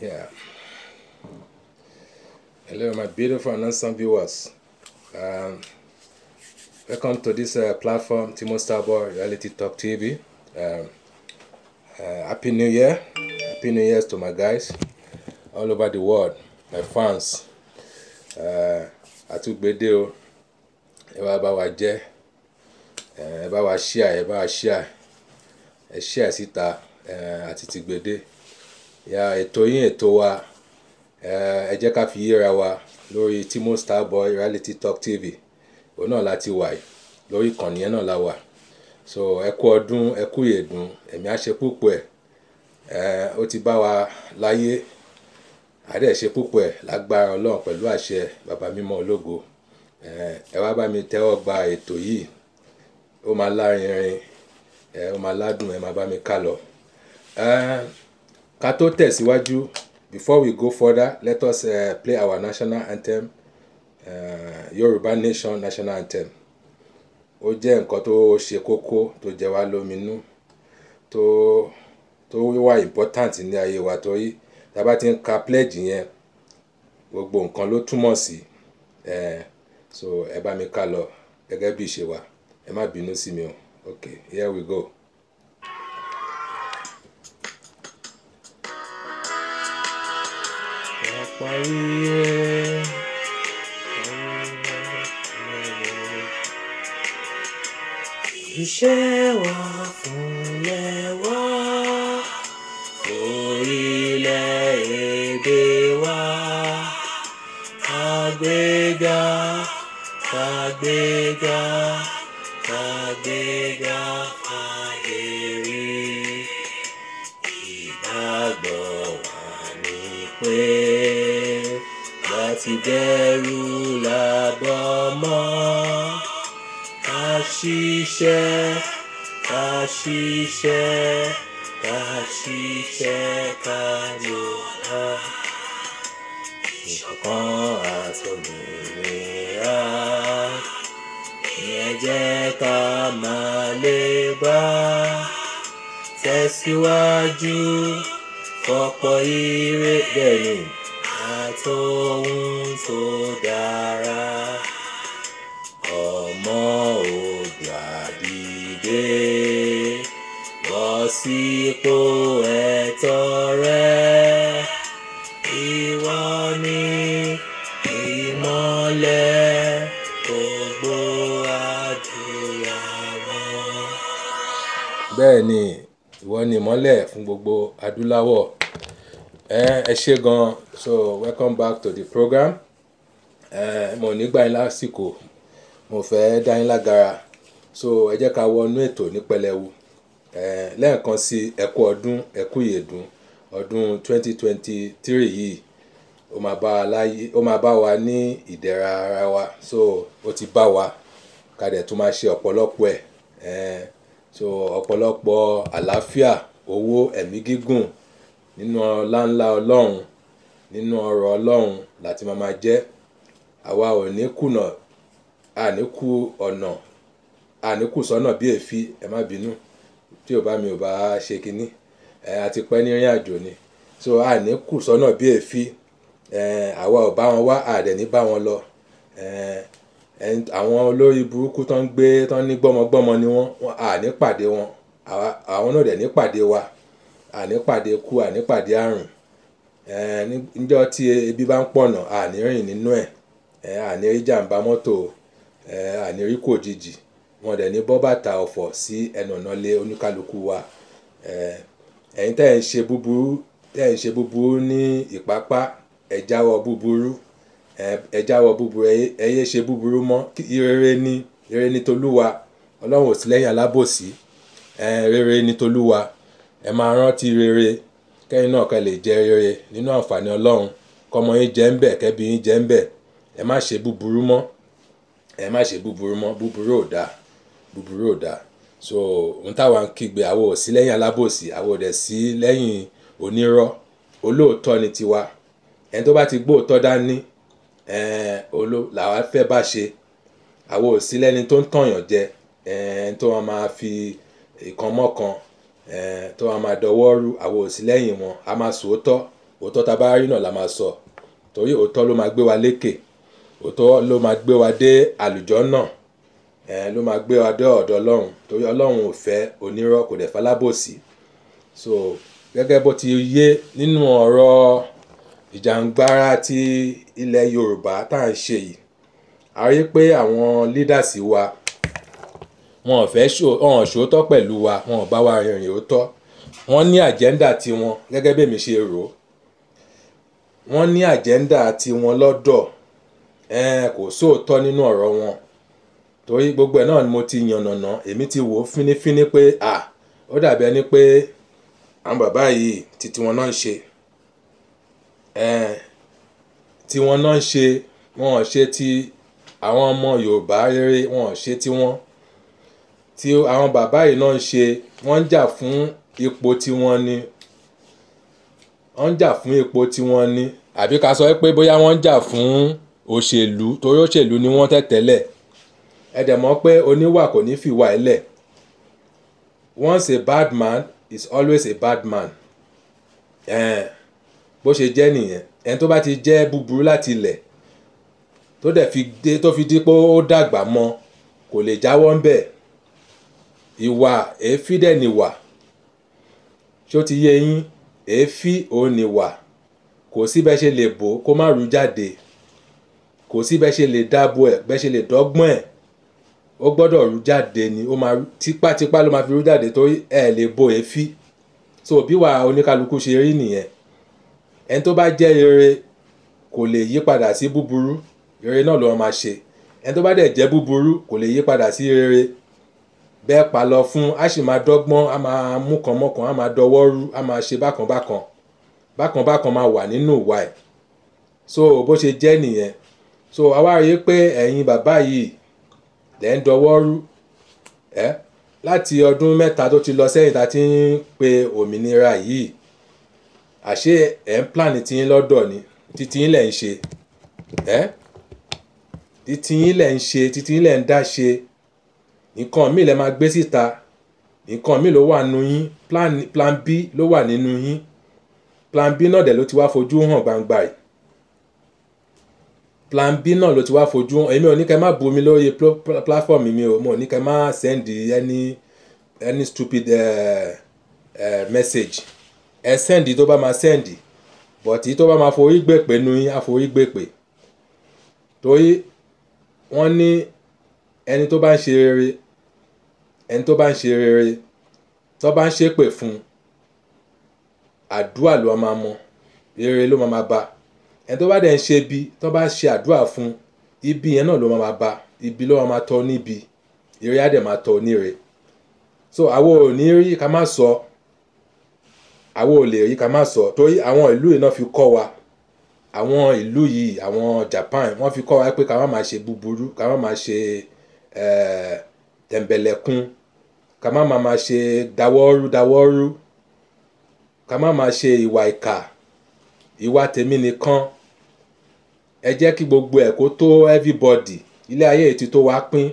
Yeah. Hello, my beautiful and handsome viewers. Um, welcome to this uh, platform, Timo Starboy Reality Talk TV. Um, uh, Happy New Year. Happy New Year to my guys all over the world, my fans. Uh, Àtúgbédé o, ẹ wá bá wa jẹ́, ẹ bá wa ṣíà, ẹ bá wa ṣíà, ẹ ṣíà síta àti tìgbédé ya ètò yín ètò wa ẹ ká fi yíra wa lórí Timo Starboy Reality Talk TV òun náà la ti wà lórí ìkànnì yẹn náà la wà so ẹ kú ọdún ẹ kú ìyèdùn ẹ̀mí àṣẹ púpọ̀ ẹ̀ ó ti bá wa láyé àdẹ̀ṣe púpọ̀ ẹ̀ lágbára ọlọ́run pẹ̀lú àṣẹ bàbá mímọ́ ológo ẹ wá bá mi tẹ́wọ́ gba ètò yìí ó máa lárinrin ẹ ó máa ládùn ẹ máa bá mi ká lọ ká tó tẹ̀síwájú before we go further let us uh, play our national anthem uh, Yorùbá Nation national anthem ó jẹ́ nǹkan tó ṣe kókó tó jẹ wá lóminú tó tó wá important ní ayé wa tó yí tá bá ti ń ka pledge yẹn gbogbo nǹkan ló túmọ̀ sí ẹ eh, so ẹ bá mi ká lọ gẹ́gẹ́ bí ìṣe wa ẹ má bínú sí mi o okay here we go. Maria. Iṣẹ́ wa fúnlẹ̀ wa, orílẹ̀ èdè wa, àgbéga, àgbéga. ìdẹ̀rù làbọ̀ mọ́ ká ṣiṣẹ́ ká ṣiṣẹ́ ká ṣiṣẹ́ ká lò ó. ìṣọ̀kan àtòmìnira yẹn jẹ́ ká máa lè bá tẹ̀síwájú fọ́pọ̀ ire bẹ́ẹ̀ mọ́lẹ̀ fún gbogbo adúláwọ̀ ẹ ṣe gan so welcome back to the program mo ní gbà yín lásìkò mo fẹ́ dá yín lágara so ẹ jẹ́ ká wọnú ètò ní pẹlẹwu lẹ́ẹ̀kan sí ẹ kú ọdún ẹ kú ọdún 2023 yìí ó máa bá wa ní ìdẹ̀ra ara wa so ó ti bá wa ká dẹ̀ tún máa ṣe ọ̀pọ̀lọpọ̀ ẹ̀ so ọ̀pọ̀lọpọ̀ àlàáfíà owó ẹ̀mí gígùn nínú ọlá ńlá ọlọ́run nínú ọrọ̀ ọlọ́run láti máa máa jẹ́ àwa ò ní kùnà àníkù ọ̀nà àníkù sọ́nà bí èéfì ẹ má bínú tí ò bá mi ò bá ṣe kínní ẹ àti pẹ́ ní ìrìn àjò ni so àníkù sọ́nà bí èéfì ẹ àwa ò bá wọn wá àdẹ̀ ní bá wọn lọ ẹ àwọn olórí burúkú tán ń gbé tán ní gbọ́mọgbọ́mọ ni wọ́n àní pàdé wọn àwọn náà dẹ̀ nípàdé wa ànípàdé kú ànípàdé àrùn níjọ́ tí ebi bá ń pọ̀nà ànírìn nínú ẹ̀ ànírí jàǹbá mọ́tò ànírí kò jìjì wọn dẹ̀ ní bọ́ bàtà ọ̀fọ̀ sí ẹnu ọ̀nà lé oníkálukú wa ẹ̀yin tẹ́ ẹ̀ ń ṣe búburú tẹ́ ẹ̀ ń ṣe búburú ní ìpápá ẹ jáwọ́ búburú ẹ jáwọ́ búburú ẹ yé ṣe búburú mọ́ ire ni ire ni tolúwa ọlọ́run ò sí lẹ́yìn alábòsí. Si rere ni tolúwa ẹ máa rántí rere kẹ́yìn náà kẹ́ lè jẹ rere nínú àǹfààní ọlọ́run kọ́mọ yín jẹ́ ń bẹ̀ kẹ́bí yín jẹ́ ń bẹ̀ ẹ má ṣe búburú mọ́ ẹ má ṣe búburú mọ́ búburú ò dáa búburú ò dáa so ohun táwa ń kígbe àwọ̀ sí lẹ́yìn alábòsí àwọ̀ dẹ̀ sí lẹ́yìn onírọ́ olóòótọ́ ni tiwa ẹni tó bá ti gbóòótọ́ dání olo làwa fẹ́ bá ṣe àwọ̀ sí lẹ́ni tó ń tọ̀yàn jẹ ẹni tó wọn máa fi ìkànmọ́kan tó a máa dọwọ́ rú àwọn òsì lẹ́yìn wọn a máa sọ òótọ́ òótọ́ tá a bá rí náà la máa sọ torí òótọ́ ló máa gbé wa lékè òótọ́ ló máa gbé wa dé àlùjọ́ náà ló máa gbé wa dé ọ̀dọ̀ ọlọ́run torí ọlọ́run ò fẹ́ onírọ́ kò dẹ̀ falábòsí so gẹ́gẹ́ bó ti yé nínú ọ̀rọ̀ ìjàngbara ti ilẹ̀ yorùbá tá à ń ṣe yìí a rí pé àwọn leaders wa wọn ò fẹ́ wọn ò ṣòótọ́ pẹ̀lú wa wọn ò bá wa rìnrìn òótọ́ wọ́n ní àjẹ́ndà tiwọn gẹ́gẹ́ bí èmi ṣe rò ó wọ́n ní àjẹ́ndà tiwọn lọ́dọ̀ kò sóòótọ́ nínú ọ̀rọ̀ wọn torí gbogbo ẹ̀ náà ni mo ti yànnàná èmi ti wò ó fínífíní pé à ó dàbí ẹni pé àwọn bàbá yìí ti tiwọn náà ń ṣe tiwọn náà ń ṣe wọn ò ṣe ti àwọn ọmọ Yorùbá rere wọn ò ṣe tiwọn tí àwọn bàbá yìí náà ń ṣe wọ́n ń jà fún ipò tiwọn ni wọ́n ń jà fún ipò tiwọn ni àbí ká sọ pé bóyá wọ́n ń jà fún òṣèlú torí òṣèlú ni wọ́n tẹ̀tẹ̀lẹ̀ ẹ dẹ̀ mọ̀ pé oníwà kò ní fìwà ẹ̀ lẹ̀ once a bad man is always a bad man bó ṣe jẹ́ nìyẹn ẹni tó bá ti jẹ́ búburú láti ilẹ̀ tó dẹ̀ fi dé tó fi dípò ó dàgbà mọ́ kò lè jáwọ́ ń bẹ́ẹ̀ ìwà èéfì dẹ̀ nìwà ṣé ó ti yé yín èéfì òun nìwà kò sí bẹ́ẹ̀ ṣe lè bò kó má rú jáde kò sí bẹ́ẹ̀ ṣe lè dáàbò ẹ̀ bẹ́ẹ̀ ṣe lè dọ́gbọ́n ẹ̀ ó gbọ́dọ̀ rú jáde ni ó máa tipátipá ló máa fi rú jáde torí ẹ̀ lè bo èéfì so bí wà oníkálukú ṣe rí nìyẹn ẹni tó bá jẹ́ rere kò lè yí padà sí búburú rere náà ló máa ṣe ẹni tó bá dẹ̀ jẹ́ búburú kò lè yí padà sí rere bẹ́ẹ̀ pa lọ fún a sì máa dọ́gbọ́n a máa mú kan mọ́kàn a máa dọwọ́ rú a máa ṣe bákan bákan bákan bákan máa wà nínú ìwà ẹ̀ so bó ṣe jẹ́ nìyẹn so àwa rí i pé ẹ̀yin bàbá yìí lẹ́ ń dọwọ́ rú ẹ́ láti ọdún mẹ́ta tó ti lọ sẹ́yìn tá a ti ń pe òmìnira yìí àṣé ẹ̀ ń plan ti yín lọ́dọ̀ ni títí yín lẹ̀ ń ṣe ẹ́ títí yín lẹ̀ ń ṣe títí yín lẹ̀ ń dá ṣe nǹkan míì lẹ máa gbé síta nǹkan míì ló wà nínú yín plan, plan b ló wà nínú yín plan b náà dẹ̀ ló ti wá fojú hàn gbangba yìí plan b náà ló ti wá fojú hàn èmi ò ní kẹ́ má bu mi lórí platform mi o mo ò ní kẹ́ má send any any stupid uh, uh, message ẹ send tó bá máa send but tó bá máa forí gbèpè nu yín àforí gbèpè torí wọ́n ní ẹni tó bá ń ṣe rere ẹni tó bá ń ṣe rere tó bá ń ṣépè fún un àdúrà ló máa mọ rere ló máa bá ẹni tó bá dẹ̀ ń ṣe ibi tó bá ṣe àdúrà fún un ibi yẹn náà ló máa bá ibi ló máa tọ́ níbi ire á máa tọ́ níre so àwọn ò ní rí ká má sọ àwọn ò lè rí ká má sọ torí àwọn ìlú yìí náà fi kọ́ wa àwọn ìlú yìí àwọn Japan wọ́n fi kọ́ wa pé ká má máa ṣe búburú ká má máa ṣe. Bubu, eh, tẹ̀m̀bẹ̀lẹ̀kun ká má máa ma ṣe dáwọ́rú dáwọ́rú ká má máa ṣe ìwà ìkà ìwà tèmi nìkan ẹ jẹ́ kí gbogbo ẹ̀ kó tó everybody ilé ayé ètí tó wá pín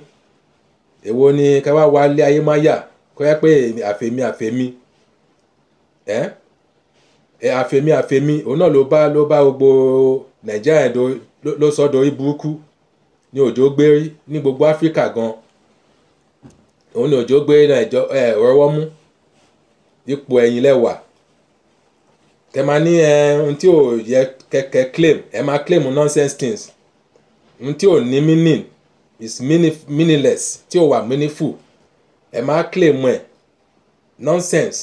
èwo ni ká wá wá ilé ayé má yà kó yẹ pé àfẹ̀mí àfẹ̀mí ẹ ẹ àfẹ̀mí àfẹ̀mí òun náà ló bá ló bá gbogbo nàìjíríà yẹn ló sọ dorí burúkú. ni òjò gbé ní gbogbo áfíríkà gan òun ni òjò gbé rọwọ́ mú ipò ẹ̀yìn lẹ́wà tẹ máa ní ohun tí ò yẹ kẹkẹ claim ẹ máa claim nonsense things ohun tí ò ní meaning is meaningless tí ò wà meaningful ẹ máa claim ẹ nonsense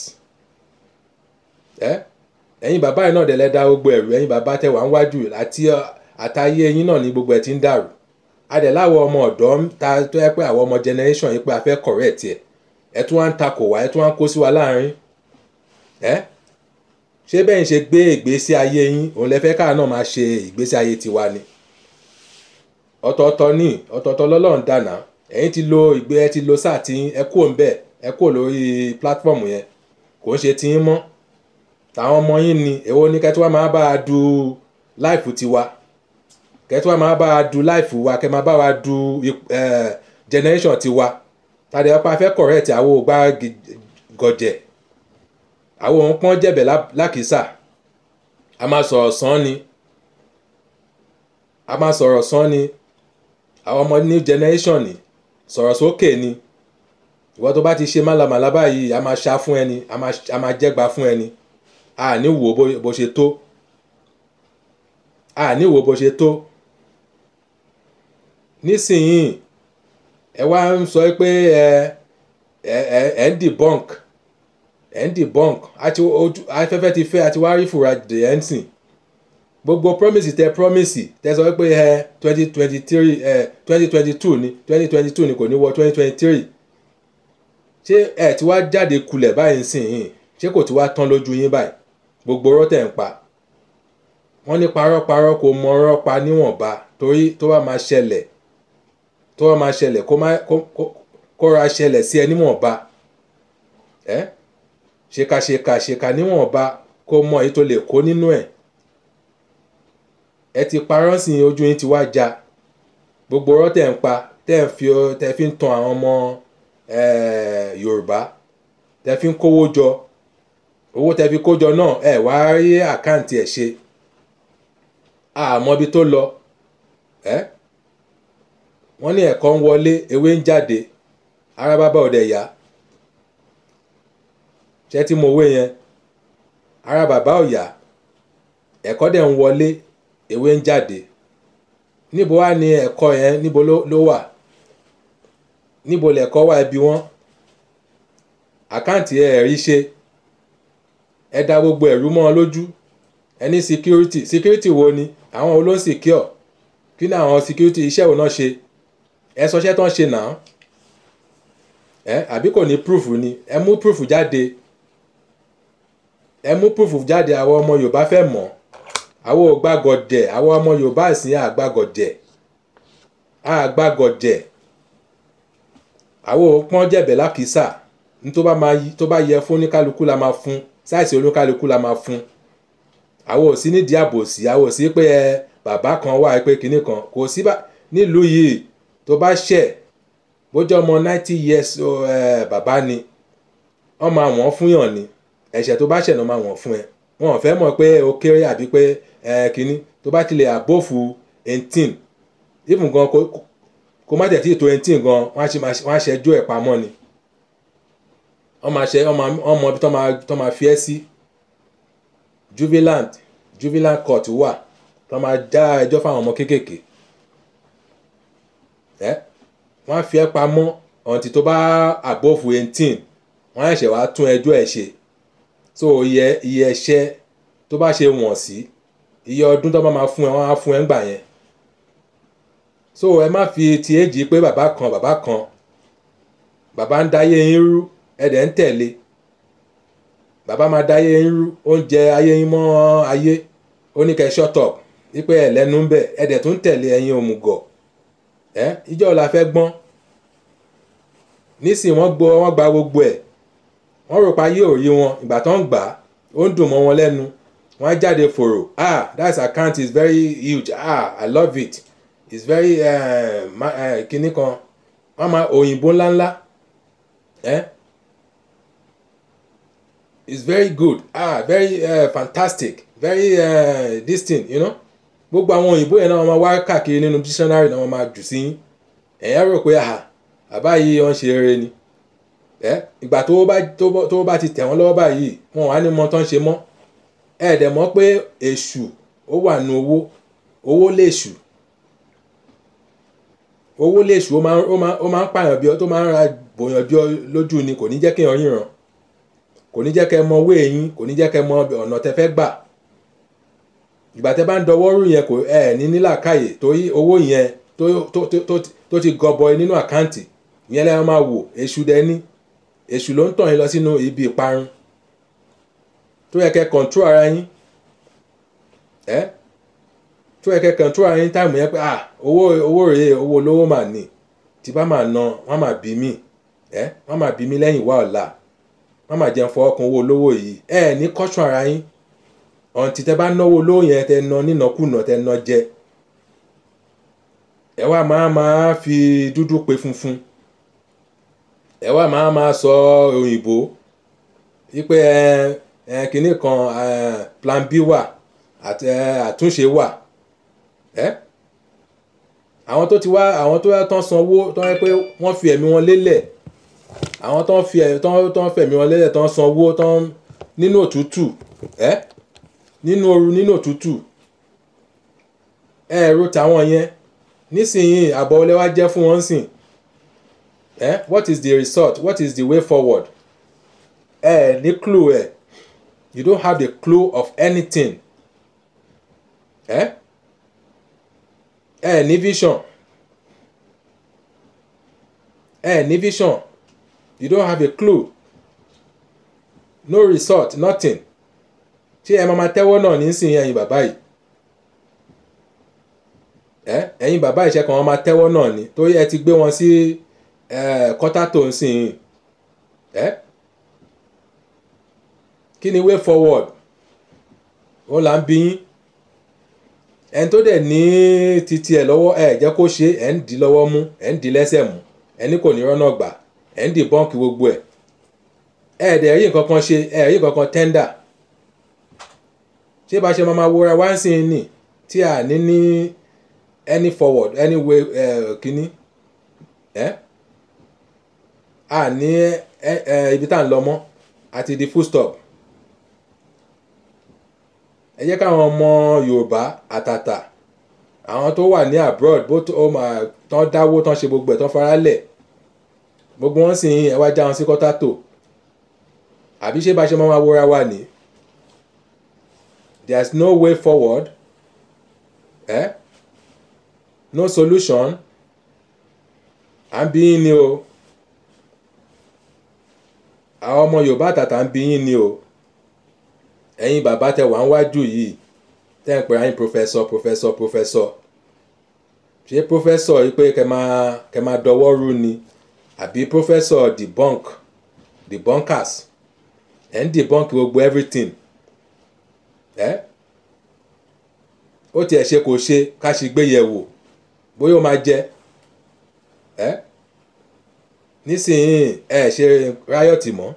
ẹ ẹ̀yin bàbá yìí náà dẹ̀ lẹ́ da gbogbo ẹ̀rù ẹ̀yin bàbá tẹ wà ń wájú àti àtayé ẹ̀yin náà ni gbogbo ẹ̀ ti ń dàrú adẹ̀láwọ̀ ọmọ ọ̀dọ́ ta tó yẹ pé àwọn ọmọ generation yìí pé a fẹ́ correct ẹ̀ ẹ̀ tún wá ń takò wá ẹ̀ tún wá ń kó sí wa láàrin ẹ̀ ṣé bẹ́ẹ̀ ń ṣe gbé ìgbésí ayé yín òun lẹ fẹ́ káà náà máa ṣe ìgbésí ayé tiwa ni ọ̀tọ̀ọ̀tọ̀ ni ọ̀tọ̀ọ̀tọ̀ lọ́lọ́run dànà ẹ̀yin ti lo ìgbé ẹ ti lo sáà tí ẹ kú òun bẹ́ẹ̀ ẹ kú lórí platform yẹn kò ń ṣe tí ń mọ́ tàwọn ọmọ yín ni èwo ní kẹ́tí wá máa bá a du láìfù tiwa kẹ́tù wa máa bá wa du láìfù wa kẹ́ máa bá wa du generation tiwa tàdé ọ̀pá afẹ́ correct àwọn ògbà gọ̀jẹ̀ àwọn òun pọ́n jẹ̀bẹ̀ lákìsà a máa sọ̀rọ̀ sán ni a máa sọ̀rọ̀ sán ni àwọn ọmọ new generation ni sọ̀rọ̀ sókè ni ìwọ tó bá ti ṣe málàmálà báyìí a máa ṣá fún ẹni a máa jẹ́gba fún ẹni a ní wò bó ṣe tó a ní wò bó ṣe tó nísìnyìí ẹ wá ń sọ pé ẹ ẹ ẹ ń debunk ẹ ń debunk afẹ́fẹ́ ti fẹ́ àti wá rí fura dè ẹ́ ń sìn gbogbo promise tẹ promise tẹ sọ pé ẹ twenty twenty three ẹ twenty twenty two ni twenty twenty two ni kò ní wọ twenty twenty three ṣé ẹ ti wá jáde kulẹ̀ báyìí ń sìn ṣé kò ti wá tán lójú yín báyìí gbogbo rọ́tẹ̀ ń pa wọ́n ní parọ́parọ́ kò mọ ọ̀rọ̀ pa níwọ̀nba torí tó bá máa ṣẹlẹ̀ tó wá máa ṣẹlẹ̀ kóra ṣẹlẹ̀ sí ẹ níwọ̀nba ẹ ṣèkàṣèkà ṣèkà níwọ̀nba kó mọ èyí tó lè kó nínú ẹ̀ ẹ ti parọ́ sí ojú yín ti wá ja gbogbo ọ̀rọ̀ tẹ̀ ń pa tẹ̀ ń fi tẹ̀ fi ń tan àwọn ọmọ Yorùbá tẹ̀ fi ń kówó jọ owó tẹ̀ fi kó náà ẹ wá rí àkáǹtì ẹ̀ ṣe àmọ́ ibi tó lọ ẹ́ eh? wọ́n ní ẹ̀kọ́ ń wọlé ewé ń jáde ara bàbá ọ̀dẹ yá ṣé tí mo wé yẹn ara bàbá ọ̀yà ẹ̀kọ́ dẹ̀ ń wọlé ewé ń jáde níbo wá ní ẹ̀kọ́ yẹn níbo ló wà níbo lẹ̀kọ́ wà ẹbí wọn àkáǹtì ẹ̀ rí ṣe ẹ da gbogbo ẹ̀rú mọ́ ọ lójú ẹ ní security security wo ni àwọn olóńsìkíọ̀ kí ni àwọn security iṣẹ́ wo náà ṣe ẹ sọ iṣẹ́ tó ń ṣe náà ẹ àbí kò ní proof ni ẹ mú proof jáde ẹ mú proof jáde àwọn ọmọ Yorùbá fẹ́ mọ̀ àwọn ò gbàgọ̀dẹ̀ àwọn ọmọ Yorùbá sì ń àgbàgọ̀dẹ̀ àgbàgọ̀dẹ̀ àwọn ò pọ́n jẹ̀bẹ̀ lákìsà ní tó bá máa tó bá yẹ fún oníkálukú la máa fún sáìsì oníkálukú la máa fún àwọn ò sí nídìí àbòsí àwọn ò sí pé ẹ bàbá kan wà pé kinní kan kò sí nílùú yìí tó bá ṣẹ̀ bójú ọmọ ninety years bàbá ni wọ́n máa wọ́n fún yàn ni ẹ̀ṣẹ̀ tó bá ṣẹ̀ náà máa wọ́n fún ẹ wọn ò fẹ́ mọ̀ pé o kéré àbí pé kínní tó bá tilẹ̀ àbófu eighteen even gan kó má tẹ̀tí ètò eighteen gan wọ́n á ṣẹjú ẹ̀ pamọ́ ni wọ́n máa ṣe wọ́n mọ ibi tó máa fi ẹ́ sí Juvenile, jubilant court wà tó máa dá ẹjọ́ fáwọn ọmọ kéékèèké ẹ wọ́n fi ẹ́ pamọ́ ọ̀ǹtì tó bá above eighteen wọ́n á ṣẹ̀ tún ẹjọ́ ẹ̀ ṣe so iye iye ẹ̀ṣẹ̀ tó bá ṣe wọ̀n sí iye ọdún tó bá máa fún ẹ wọ́n á fún ẹ ńgbà yẹn so ẹ má fi ti èjì pé bàbá kan bàbá kan bàbá ń dáyé yín rú ẹ dẹ̀ ń tẹ̀lé bàbá máa dáyé yín rú oúnjẹ ayé yín mọ́ ayé ó ní up wípé ẹ lẹ́nu ń bẹ̀ ẹ dẹ̀ tún tẹ̀lé ẹ̀yin òmùgọ̀ ẹ ìjọ la fẹ́ gbọ́n nísìnyí wọ́n gbọ́ wọ́n gba gbogbo ẹ̀ wọ́n rò pa yé òye wọn ìgbà tó ń gbà á ó ń dùn mọ́ wọn lẹ́nu wọ́n á jáde fòrò ah that account is very huge ah i love it it's very uh, uh, kinní kan wọ́n máa òyìnbó ńláńlá eh? it's very good ah very uh, fantastic very uh, distinct you know gbogbo àwọn òyìnbó yẹn náà wọ́n máa wá káàkiri nínú dictionary náà wọ́n máa jù sí ẹ̀yà rò pé àhà bàbá yìí wọ́n ṣe eré ni ẹ ìgbà tó bá tó bá ti tẹ̀ wọ́n lọ́wọ́ báyìí wọn wá ní mọ tán ṣe mọ́ ẹ dẹ̀ mọ̀ pé èṣù ó wà nù owó owó lèṣù owó lèṣù ó máa ó máa ń pààyàn bí ọ tó máa ń ra bòyàn bí ọ lójú ni kò ní jẹ́ kéèyàn yìnrán kò ní jẹ́ kẹ́ mọ owó èyín kò ní jẹ́ kẹ́ mọ ọ̀nà tẹ́ fẹ́ gbà ìgbà tẹ́ bá ń dọwọ́ rú yẹn kò ẹ̀ ní nílàkàyè torí owó yẹn tó ti gọbọi nínú àkáǹtì ìyẹn lẹ́yìn máa wò èṣù dẹ́ni èṣù ló ń tàn yín lọ sínú ibi ìparun tó yẹ kẹ́ kọ̀ǹtró ara yín ẹ́ tó yẹ kẹ́ kọ̀ǹtró ara yín táìmù yẹn pé à ah, owó owó rèé owó olówó mà ní tí bá mà ná wọ́n mà bí mí ẹ́ wọ́n mà bí mí lẹ́yìn wá ọ̀la wọ́n mà jẹun fọwọ́ kan owó olówó yìí ẹ̀ ní kọ́ṣọ́ ara yín ọ̀ǹtí tẹ bá náwó olówó yẹn tẹ ná nínàkúnà tẹ ná jẹ ẹ wá máa máa fi dúdú pe funfun ẹ wá máa máa sọ òyìnbó wípé ẹ kínní kan plan b wà àtúnṣe wà ẹ àwọn tó ti wá àwọn tó tán sanwó tán pé wọ́n fi ẹ̀mí wọn lélẹ̀ àwọn tán fi ẹ̀mí wọn lélẹ̀ tán sanwó tán nínú òtútù ẹ. Eh? nínú ooru nínú òtútù ẹ ro tàwọn yẹn nísìnyìí àbọ̀wọlé wa jẹ́ fún wọn sìn ẹ what is the result what is the way forward ẹ ní clue ẹ you don't have the clue of anything ẹ ẹ ní vision ẹ ní vision you don't have a clue no result nothing ṣé ẹ máa ma tẹ́wọ́ náà nísìnyí ẹ̀yin bàbá yìí ẹ ẹ̀yin bàbá yìí ṣẹkàn wọn máa tẹ́wọ́ náà ni torí ẹ ti gbé wọn sí kọ́tà tó ń sìn yìí ẹ kí ni way forward ó là ń bí yín ẹni tó dẹ̀ ní titi ẹ̀ lọ́wọ́ ẹ̀ jẹ́ kó ṣe ẹ̀ ń di lọ́wọ́ mú ẹ̀ ń di lẹ́sẹ̀ mú ẹni kò ní rọ́nà gbà ẹ̀ ń di bọ́ǹkì gbogbo ẹ̀ ẹ̀ dẹ̀ rí nǹkan kan ṣe ẹ̀ rí nǹkan kan tẹ́ńdà ṣé bá ṣe máa ma wọra wá sí ni tí a ní ní any forward any way uh, eh, kínní eh? a ní eh, eh, ibi tá à ń lọ mọ́ àti di full stop ẹ jẹ́ káwọn ọmọ Yorùbá àtàtà àwọn tó wà ní abroad bó tán dáwó tán ṣe gbogbo ẹ̀ tán faralẹ̀ gbogbo wọn sì ń ẹ wá já wọn sí kọ́tà tó àbí ṣé bá ṣe máa ma wọra wá nìí There's no way forward eh? no solution I'm being bí yín ni o àwọn ọmọ yorùbá àtàtà ń bí yín ni o ẹ̀yin bàbá tẹ wà ń wájú yìí tẹ́ ń pè ẹ̀yin pòfẹ́sọ̀ pòfẹ́sọ̀ pòfẹ́sọ̀ ṣé pòfẹ́sọ̀ yìí pé kẹ́ máa dọwọ́ rú ni àbí pòfẹ́sọ̀ debunk debunkers ẹ̀ ń debunk gbogbo everything ẹ́ ó tiẹ̀ ṣe kò ṣe ká sì gbé yẹ̀ wò bóyá ó máa jẹ ẹ́ nísìnyìí ẹ ṣe ráyọ̀tì mọ́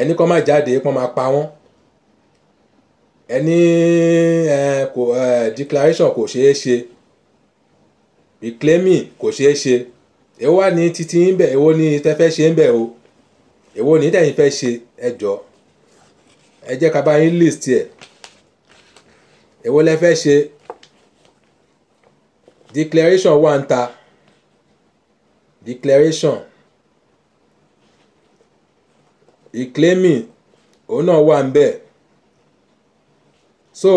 ẹni kọ́ máa jáde kọ́ máa pa wọ́n ẹni ẹ kò ẹ declaration kò ṣeé ṣe reclaiming kò ṣeé ṣe èwo wà ní títí ń bẹ̀ èwo ní tẹ́ fẹ́ ṣe ń bẹ̀ o èwo ní tẹ̀yìn fẹ́ ṣe ẹ jọ ẹ jẹ́ ká bá yín list ẹ̀ èwo lẹ fẹ́ ṣe declaration wà ń ta declaration reclaiming òun náà wà ń bẹ̀ so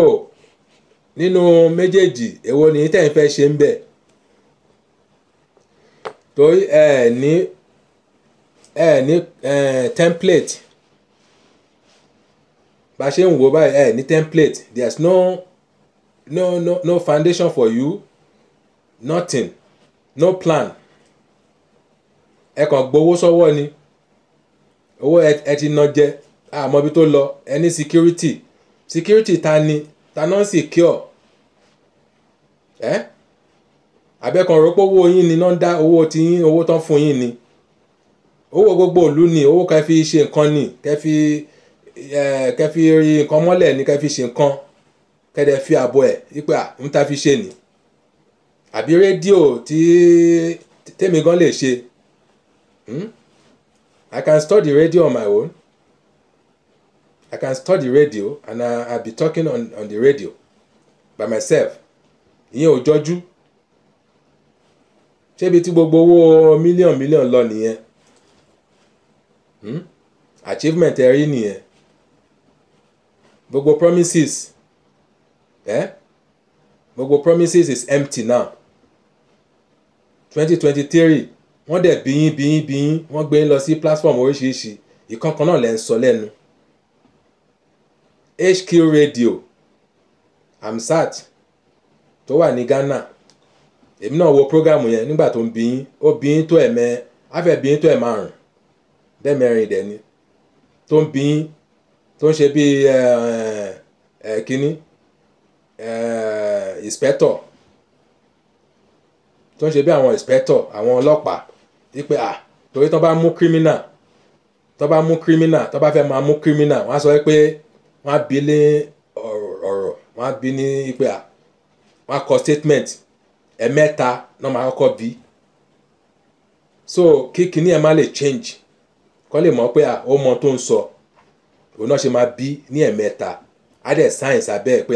nínú méjèèjì èwo ni tẹ̀ ń fẹ́ ṣe ń bẹ̀ torí ẹ ní ẹ ní template bá a ṣe ń wò báyìí ẹ ní template there's no no no no foundation for you nothing no plan ẹ kàn gbowó sọ́wọ́ ni owó ẹ ti ná jẹ àmọ́bi tó lọ ẹ security security ta ni ta náà secure ẹ abẹ́kan rò pé owó yín ni náà ń dá owó tí yín owó tán fún yín ni owó gbogbo ìlú ni owó kẹ́ fi ṣe nǹkan ni kẹ́ fi kẹ́ fi rí nǹkan mọ́lẹ̀ ni kẹ́ fi ṣe nǹkan kẹ́dẹ̀ fi àbọ̀ ẹ̀ wípé à ń ta fi ṣe nì àbí rédíò tí tèmi gan lè ṣe hmm? I can study radio on my own I can study radio and I'll be talking on, on the radio by myself ìyẹn ò jọjú ṣébi tí gbogbo owó mílíọ̀n mílíọ̀n lọ nìyẹn hmm? achievement ẹ rí nìyẹn gbogbo promises eh? gbogbo promises is empty now 2023 wọ́n dẹ̀ bíyín bíyín bíyín wọ́n gbé yín lọ sí platform oríṣiríṣi ìkankan náà lẹ́ ń sọ lẹ́nu HQ radio amsat tó wà ní Ghana èmi náà wo program yẹn nígbà tó ń bíyín ó bíyín tó ẹ̀mẹ afẹ́ bíyín tó ẹ̀ márùn dẹ́mẹ̀rin dẹ̀ ni tó ń bíyín tó ń ṣe bíi ẹ̀ẹ́ eh, ẹ̀kíní. Eh, inspector tó ń ṣe bí àwọn inspector àwọn ọlọ́pàá wípé à torí tó bá mú criminal tó bá mú criminal tó bá fẹ́ máa mú criminal wọ́n á sọ pé wọ́n á bi ní ọ̀rọ̀ wọ́n bi ní pé à wọ́n á kọ statement ẹ̀mẹ́ta náà máa kọ́kọ́ bí so kí kinní ẹ̀ má lè change kọ́ lè mọ̀ pé à ó mọ tó ń sọ òun náà ṣe máa bí ní ẹ̀mẹ́ta á dẹ̀ sáyẹ̀nsì abẹ́ pé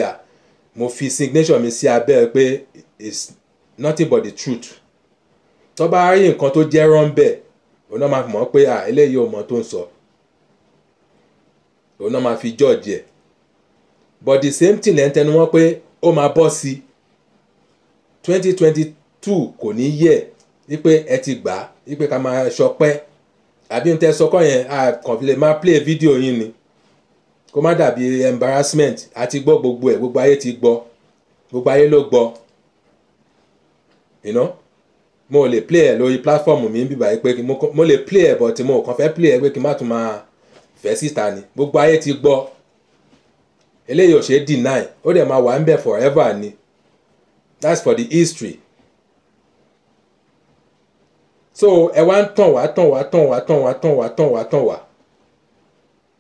mo fi signature mi sí abẹ́ pé it's nothing but the truth tó bá rí nǹkan tó jẹ́ rọ́ńbẹ̀ òun náà máa mọ̀ pé à eléyìí ò mọ tó ń sọ òun náà máa fi judge ẹ̀ but the same thing lẹ́ ń tẹnu wọ́n pé ó máa bọ́ sí twenty twenty two kò ní yẹ wípé ẹ ti gbà á wípé ká máa ṣọpẹ́ àbí n tẹ́ sọkọ́ yẹn a kàn lè máa play video yín ni kó má dàbí embarrassment a ti gbọ́ gbogbo ẹ̀ gbogbo ayé ti gbọ́ gbogbo ayé ló gbọ́ you know mo lè play ẹ̀ lórí platform mi bíbá yìí pé mo lè play ẹ̀ but mo kàn fẹ́ play ẹ̀ pé kí n má tún máa fẹ́ síta ni gbogbo ayé ti gbọ́ eléyìí ò ṣe é deny ó dẹ̀ máa wà ń bẹ̀ forever ni that's for the history so ẹ wá ń tàn wá tàn wá tàn wá tàn wá tàn wá tàn wá tàn wá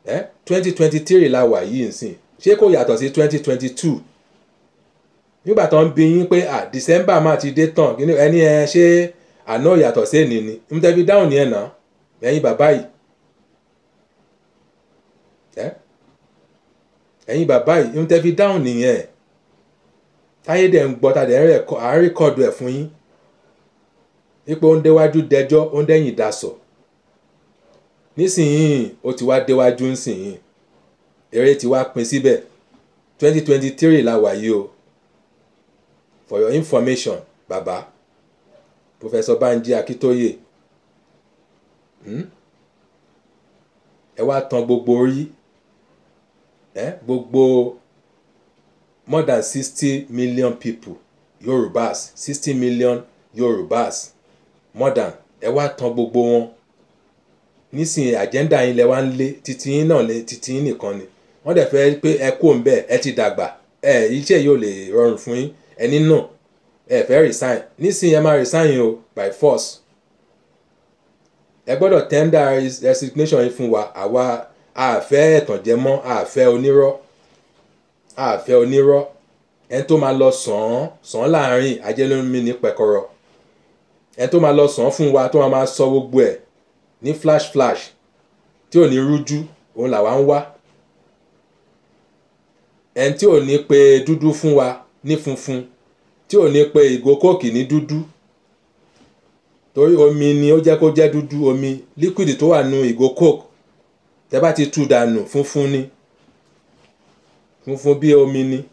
ẹ twenty twenty three la wà yìí nsìn ṣé kò yàtọ̀ sí twenty twenty two nígbà tó ń yín pé à december máa ti dé tán ẹni ẹ ṣé àná yàtọ̀ sí ènì ni ń tẹ́bi dáhùn ni ẹ̀ nà ẹ̀yin bàbá yìí ẹ̀yin bàbá yìí ń tẹ́bi dáhùn nìyẹn táyé dẹ̀ ń gbọ́ ta dẹ̀ ń rẹ̀ kọ́ àárín kọ́ọ̀dù ẹ̀ fún yín ipò ń déwájú dẹjọ́ ó ń dẹ́yìn dasọ̀ nísìnyìí ó ti wá déwájú nsìnyìí eré ti wá pin síbẹ̀ 2023 la wà yìí o for your information bàbá professor Banji Akíntóyè hmm? ẹ wá tan gbogbo orí ẹ gbogbo more than sixty million people Yorùbás sixty million Yorùbás more than ẹ wá tan gbogbo wọn nísìnyí agenda yín lẹ ń lé titi yín náà lé titi yín nìkan ni wọ́n dẹ̀ fẹ́ pé ẹ kú òǹbẹ̀ ẹ ti dàgbà ẹ iṣẹ́ yóò lè rọrùn fún yín ẹni náà ẹ fẹ́ resign nísìnyí ẹ máa resign o by force ẹ gbọ́dọ̀ tender resignation yín fún wa àwa àfẹ́ ẹ̀tànjẹ mọ́ àfẹ́ onírọ́ àfẹ́ onírọ́ ẹni tó máa lọ sàn án sàn án láàrin ajẹ́lómi ní pẹ̀kọ̀rọ̀ ẹni tó máa lọ sàn án fún wa tó máa sọ gbogbo ẹ̀ ní flash flash tí ò ní rújú òun làwa ń wá ẹni tí ò ní pe dúdú fún wa ní funfun tí ò ní pe ìgò kóòkì ní dúdú torí omi ni ó jẹ́ kó jẹ́ dúdú omi liquid tó wà nù ìgò coke tẹ́ bá ti tú dànù funfun ni funfun bí omi ni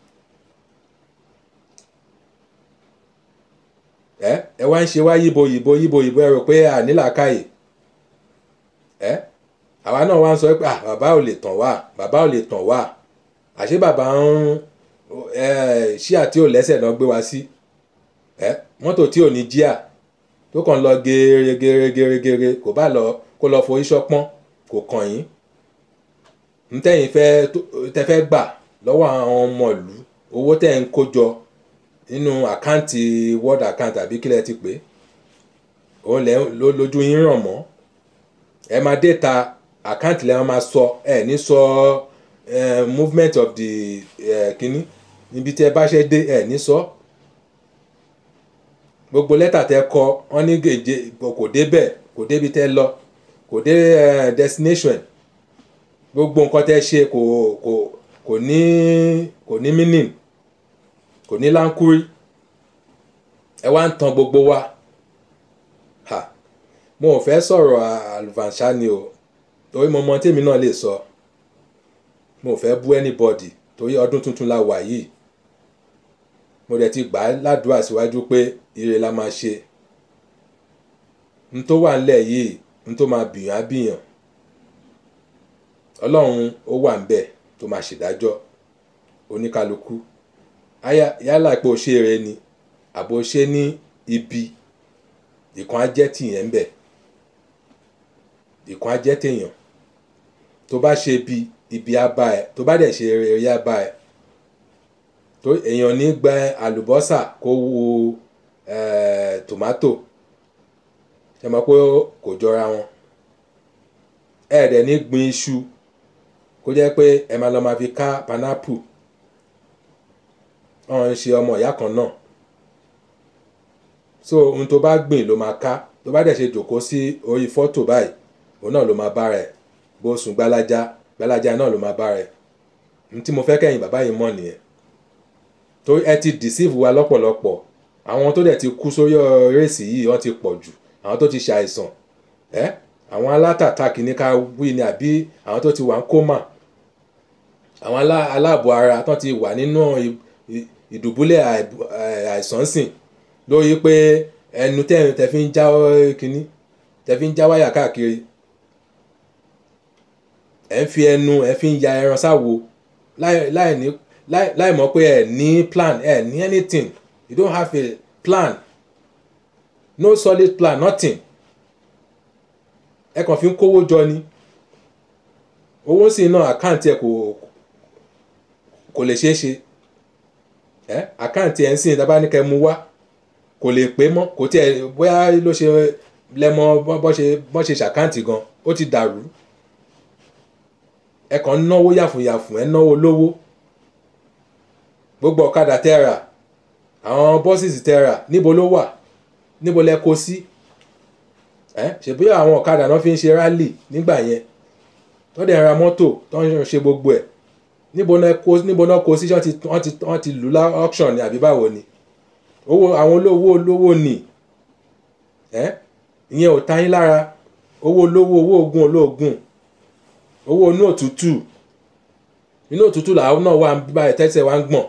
ẹ ẹ wá ń ṣe wá yíbo yíbo yíbo yíbo ẹ rò pé à nílàákàyè ẹ́ àwa náà wá ń sọ pé bàbá ò lè tàn wá bàbá ò lè tàn wá àṣé bàbá ń ṣí àti ò lẹ́sẹ̀ náà gbé wa sí ẹ́ mọ́tò tí ò ní jíà tó kàn lọ geeregeeregeere kò bá lọ kó lọ fo iṣọ́ pọ́n kò kàn yín ntẹ́yìn fẹ́ tẹ́ fẹ́ gbà lọ́wọ́ àwọn ọmọ ìlú owó tẹ́ ń kó jọ nínú àkáǹtì word account àbí kílẹ̀ ti pé òun lójú yín ràn mọ́ ẹ máa déta àkáǹtì lẹ́yìn máa sọ ẹ ní sọ movement of the kínní níbi tí ẹ bá ṣe dé ẹ ní sọ gbogbo lẹ́tà tẹ kọ wọ́n ní gèje kò débẹ̀ kò débi tẹ lọ kò dé destination gbogbo nǹkan tẹ ṣe kò kò kò ní kò ní meaning kò ní láńkúrí ẹ wá ń tan gbogbo wa. mo ò fẹ́ sọ̀rọ̀ àlùfànṣá ni o torí mo mọ tèmi náà lè sọ mo ò fẹ́ bú anybody torí ọdún tuntun la wà yìí mo dẹ̀ ti gbà á ládùúrà síwájú pé ire la máa ṣe n tó wà ńlẹ̀ yìí n tó máa bìyàn á bìyàn ọlọ́run ó wà ń bẹ̀ tó máa ṣèdájọ́ oníkálukú yálà pé o ṣe rẹ ni àbò ṣe ní ibi ìkan á jẹ́ tìyẹn ń bẹ̀. ìkan á jẹ́ tèèyàn tó bá ṣe bí ibi á bá ẹ tó bá dẹ̀ ṣe rere á bá ẹ tó èèyàn ní gbẹ àlùbọ́sà kó wo tòmátò ṣe mọ̀ pé kò jọra wọn ẹ dẹ̀ ní gbin iṣu kó jẹ́ pé ẹ máa lọ máa fi ká panápù ọ̀hún ṣe ọmọ ìyá kan náà so ohun tó bá gbìn ló máa ká tó bá dẹ̀ ṣe jòkó sí orí fọ́tò báyìí òun náà ló máa bá rẹ̀ bó sùn gbálájá gbálájá náà ló máa bá rẹ̀ ní tí mo fẹ́ kẹ́yìn bàbá yìí mọ̀ nìyẹn torí ẹ ti deceive wa lọ́pọ̀lọpọ̀ àwọn tó dẹ̀ ti kú sórí rèsì yìí wọ́n ti pọ̀ jù àwọn tó ti ṣàìsàn ẹ́ àwọn alátàtà kìíní ká wí ni àbí àwọn tó ti wà ń kómà àwọn aláàbọ̀ ara tán ti wà nínú ìdùbúlẹ̀ àìsàn sìn lórí pé ẹnu tẹ́rin tẹ́ fi ń já kínní tẹ́ fi ń já wáyà káàkiri ẹ fi ẹnu ẹ fi ń ya ẹran sáwo láì mọ̀ pé ẹ ní plan ẹ ní anything you don't have a plan no solid plan nothing ẹ kàn fi ń kówó jọ ni owó sì náà àkáǹtì ẹ kò kò lè ṣeé ṣe ẹ àkáǹtì ẹ ń sìn dábàá ní kẹ́ mú wá kò lè pé mọ́ kò tiẹ̀ bóyá ló ṣe lẹ́mọ bó ṣe bó ṣe ṣàkáǹtì gan ó ti dàrú ẹ kàn ń náwó yàfùnyàfùn ẹ náwó lówó gbogbo ọ̀kadà tẹ́ rà àwọn bọ́sìsì tẹ́ rà níbo ló wà níbo lẹ kó sí ẹ ṣèbí àwọn ọ̀kadà náà fi ń ṣe rálì nígbà yẹn tó dẹ̀ ra mọ́tò tó ń ṣe gbogbo ẹ̀ níbo náà kó sí wọ́n ti lù lá auction ni àbí báwo ni owó àwọn olówó olówó ni ẹ ìyẹn ò ta yín lára owó olówó owó ogun olóògùn owó inú òtútù inú òtútù làwọn náà wà báyìí tẹ́sẹ̀ wá ń gbọ̀n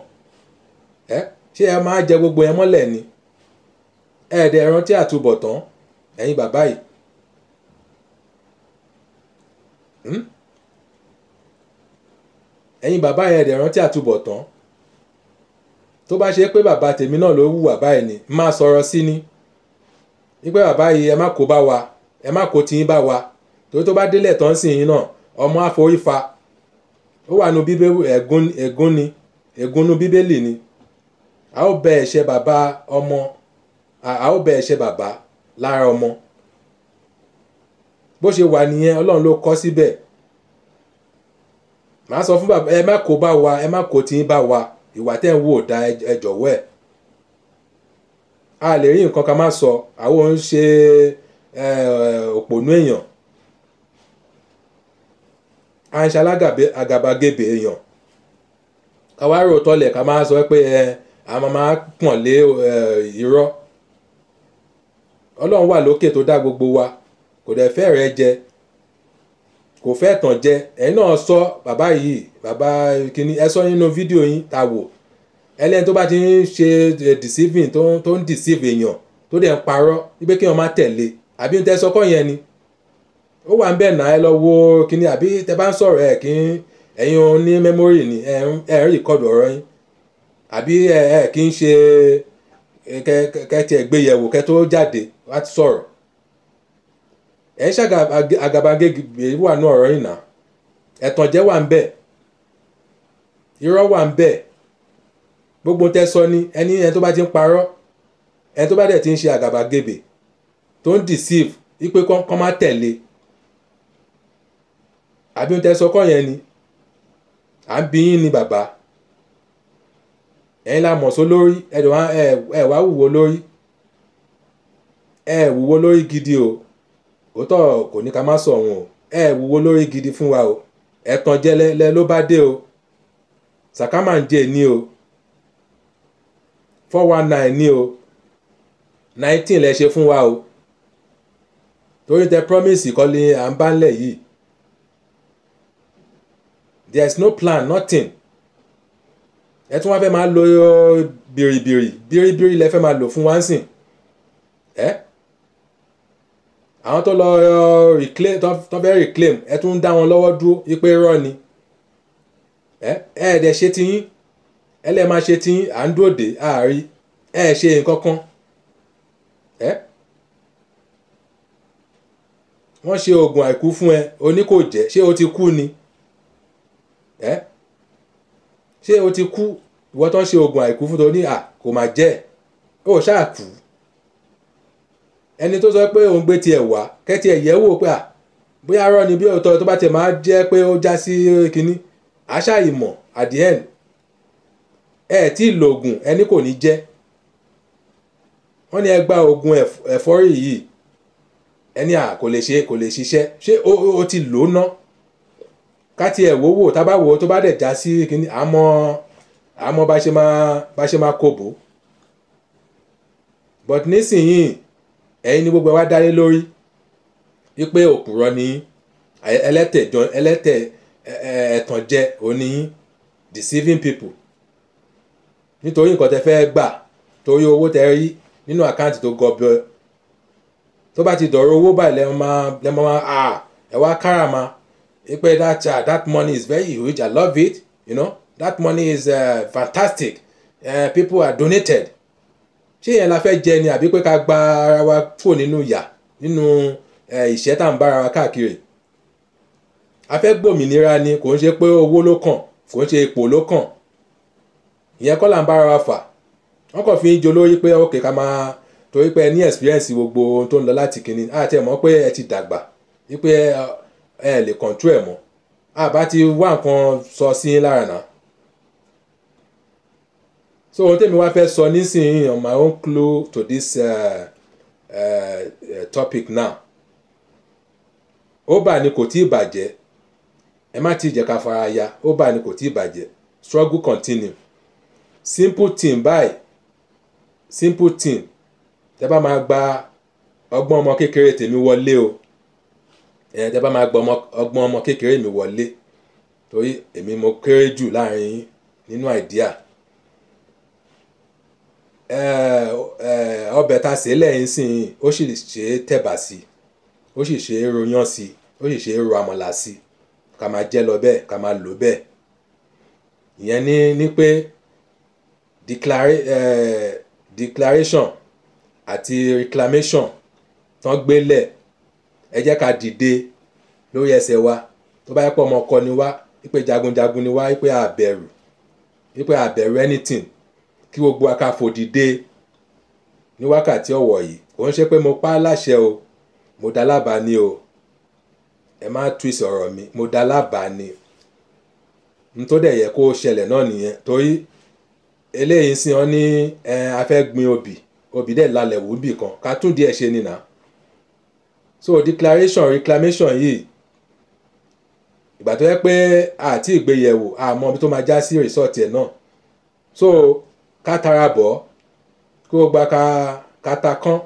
ẹ ṣé ẹ máa jẹ gbogbo yẹn mọ́lẹ̀ ni ẹ̀ẹ́dẹ̀ ẹran tí àtúbọ̀ tán ẹ̀yin bàbá yìí hmm? ẹ̀yin bàbá yẹn ẹ̀ẹ́dẹ̀ ẹran tí àtúbọ̀ tán tó bá ṣe pé bàbá tèmi náà ló wù bàbá yìí ni máa sọ̀rọ̀ sí ni wípé bàbá yìí ẹ má kó bá wa ẹ má kó tiyín bá wa torí tó bá délẹ̀ tán sí yín náà ọmọ àforífa ó wà nínú bíbélì ègún ègún ni ègún nínú bíbélì ni a ó bẹ ẹ̀ṣẹ̀ bàbá ọmọ a ó bẹ ẹ̀ṣẹ̀ bàbá lára ọmọ bó ṣe wà nìyẹn ọlọ́run ló kọ síbẹ̀ màá sọ fún bàbá ẹ má kó bá wa ẹ má kó tí ń bá wa ìwà tẹ́ ń wò dá ẹ jọ̀wọ́ ẹ̀ a lè rí nǹkan ká má sọ àwọn ń ṣe òpònú èèyàn àìṣe agabagebe èèyàn káwá rò ka ká sọ pé ẹ ma máa pọ̀n lé irọ́ ọlọ́run wà lókè tó dá gbogbo wa kò dẹ̀ fẹ́ rẹ jẹ kò fẹ́ tàn jẹ ẹ̀yin náà sọ bàbá yìí bàbá kìíní ẹ sọ nínú fídíò yín ta wò ẹlẹ́ni tó bá ti ń ṣe deceiving tó ń deceive èèyàn tó dẹ̀ ń parọ́ wípé kéèyàn má tẹ̀lé àbí ń tẹ́ sọkọ́ yẹn ni ó wà ń bẹ̀ náà ẹ lọ wo kíní àbí tẹ bá ń sọ̀rọ̀ ẹ̀ kí ẹ̀yin òun ní mẹ́mórì ni ẹ̀ ń rìkọ́dù ọ̀rọ̀ yín àbí ẹ̀ kí ń ṣe kẹ́ tiẹ̀ gbéyẹ̀wò lati tó jáde láti sọ̀rọ̀ ẹ̀ ń ṣàgàbàgebè wà ní ọ̀rọ̀ yìí náà ẹ̀tànjẹ́ wà ń irọ́ wà ń gbogbo tẹ́ sọ ni ẹni ẹni tó bá ti ń parọ́ ẹni tó bá dẹ̀ ti ń ṣe àgàbàgebè tó ń deceive ipe kọ́ńkọ́ má tẹ̀lé àbí oúnjẹ sọkọ yẹn ni à ń bí yín ni bàbá ẹ̀yin la mọ̀ só lórí ẹ̀ wá wùwọ́ lórí ẹ̀ wùwọ́ lórí gidi o òótọ́ kò ní ká má sọ wọn o ẹ̀ wùwọ́ lórí gidi fún wa o ẹ̀tàn jẹ́lẹ́lẹ́ ló bá dé o sàkámà ń jẹ́ ní o four one nine ní o nineteen lẹ ṣe fún wa o torí tẹ promise kọ́lé à ń bá ń lẹ̀ yìí there is no plan nothing ẹ tún wá fẹ́ máa lo bìrìbìrì bìrìbìrì lẹ fẹ́ máa lò fún wánsìn ẹ àwọn tó lọ uh, reclaim tó fẹ́ reclaim ẹ tún dá wọn lọ́wọ́ dúró ipe irọ́ ni ẹ ẹ dẹ̀ ṣe tiyín ẹ lẹ́ẹ̀ máa ṣe tiyín à ń dòde àárí ẹ ṣe nǹkan kan ẹ wọ́n ṣe oògùn àìkú fún ẹ o ní kò jẹ́ ṣé o ti kú ni. Eh? ẹ́ ṣé o ti kú ìwọ tó ń ṣe oògùn àìkú fún torí à kò má jẹ́ ó ṣáà kú ẹni tó sọ pé òun gbé tiẹ̀ wá kẹ́tì ẹ̀ yẹ̀ wò pé à bóyá rọ ni bí òótọ́ tó bá tiẹ̀ máa jẹ́ pé ó já sí kínní àṣà ìmọ̀ àdìẹ́n ẹ̀ tí ì lògùn ẹni kò ní jẹ́ wọ́n ní ẹ gba oògùn ẹ̀fọ́rí yìí ẹni à kò lè ṣe kò lè ṣiṣẹ́ ṣé o ti lò ó ná káti ẹ̀ wówó tá a bá wò ó tó bá dẹ̀ já sí kíní àmọ́ àmọ́ bá ṣe máa bá ṣe máa kóbò but nísìnyìí ẹ̀yin ni gbogbo wa dálé lórí wípé òpùrọ̀ ni ẹlẹ́tẹ̀ ẹlẹ́tẹ̀ ẹ̀tànjẹ òní deceiving people nítorí nǹkan tẹ fẹ́ gbà torí owó tẹ rí nínú àkáǹtì tó gọbẹ tó bá ti dọ̀rọ̀ owó báyìí lẹ́mọ̀ máa ẹ wá káràmà pé that uh, that money is very huge i love it you know that money is uh, fantastic uh, people are donated ṣé yẹn la fẹ́ jẹ ni àbí pé ká gba ara wa kúrò nínú ìyà nínú ìṣẹ́ tá à ń bára wa káàkiri a fẹ́ gbòmìnira ni kò ń ṣe pé owó ló kàn kò ń ṣe ipò ló kàn ìyẹn kọ́ là ń bára wa fà wọ́n kàn fi ń jo lórí pé ókè ká máa torí pé ẹ ní experience gbogbo ohun tó ń lọ láti kìíní àti ẹ̀ mọ̀ pé ẹ ti dàgbà wípé uh, ẹ lè control ẹ̀ mọ́ àbá ti wá nǹkan sọ sí laara lára náà so ohun tèmi wá fẹ́ sọ nísìnyí on my own clue to this uh, uh, uh topic now ó bà ní kò tí ì bàjẹ́ ẹ má ti jẹ́ ká fara ya ó bà ní kò tí ì bàjẹ́ struggle continue simple tin báyìí simple tin tẹ́ bá máa gba ọgbọ́n ọmọ kékeré tèmi wọlé o ẹ̀ tẹ́ bá máa gbọ́ ọgbọ́n ọmọ kékeré mi wọlé torí èmi mo kéré jù láàrin nínú àìdíà ọbẹ̀ tá a sè lẹ́yìn sìn ó sì ṣe é tẹ̀bà sí ó sì ṣe é royán sí ó sì ṣe é ro àmàlà sí ká máa jẹ lọ bẹ́ẹ̀ ká máa lò bẹ́ẹ̀ ìyẹn ní ní pé declaration àti reclamation tán gbélẹ̀ ẹ jẹ́ ká dìde lórí ẹsẹ̀ wa tó bá yẹ pé ni wá jagunjagun ni wá wípé àbẹ̀rù àbẹ̀rù anything kí gbogbo wa dìde ní wákàtí ọ̀wọ̀ yìí kò ń ṣe mo pa á o mo dá ni o ẹ má twist ọ̀rọ̀ mi mo dá ni n yẹ kó ṣẹlẹ̀ náà nìyẹn torí eléyìí ọ ní ẹ obì obì dẹ̀ lalẹ̀ kan ṣe so declaration reclamation yìí ìgbà tó yẹ pé àti ìgbéyẹ̀wò àmọ́ ibi tó máa já sí resort ẹ̀ náà so ká tara bọ̀ kí ó gba ká ká ta kán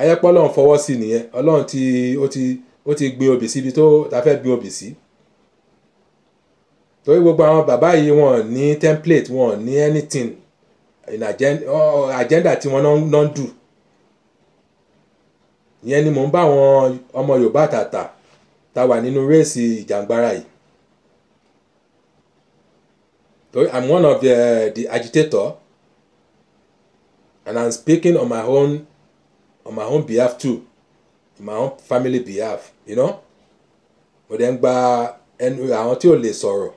ayẹ́pọ̀ ọlọ́run fọwọ́ sí nìyẹn ọlọ́run ti ó ti ó ti gbin obì síbi tó ta fẹ́ gbin obì sí torí gbogbo àwọn bàbá yìí wọn ní template wọn ní anything in agenda tiwọn náà ń dù ìyẹn ni mò ń bá àwọn ọmọ Yorùbá tàtà tá a wà nínú réèsì ìjàngbara yìí torí I'm one of the, eh, the agitator and I'm speaking on my own on my own behalf too on my own family behalf you know mo dẹ̀ ń gba ẹnu àwọn tí ò lè sọ̀rọ̀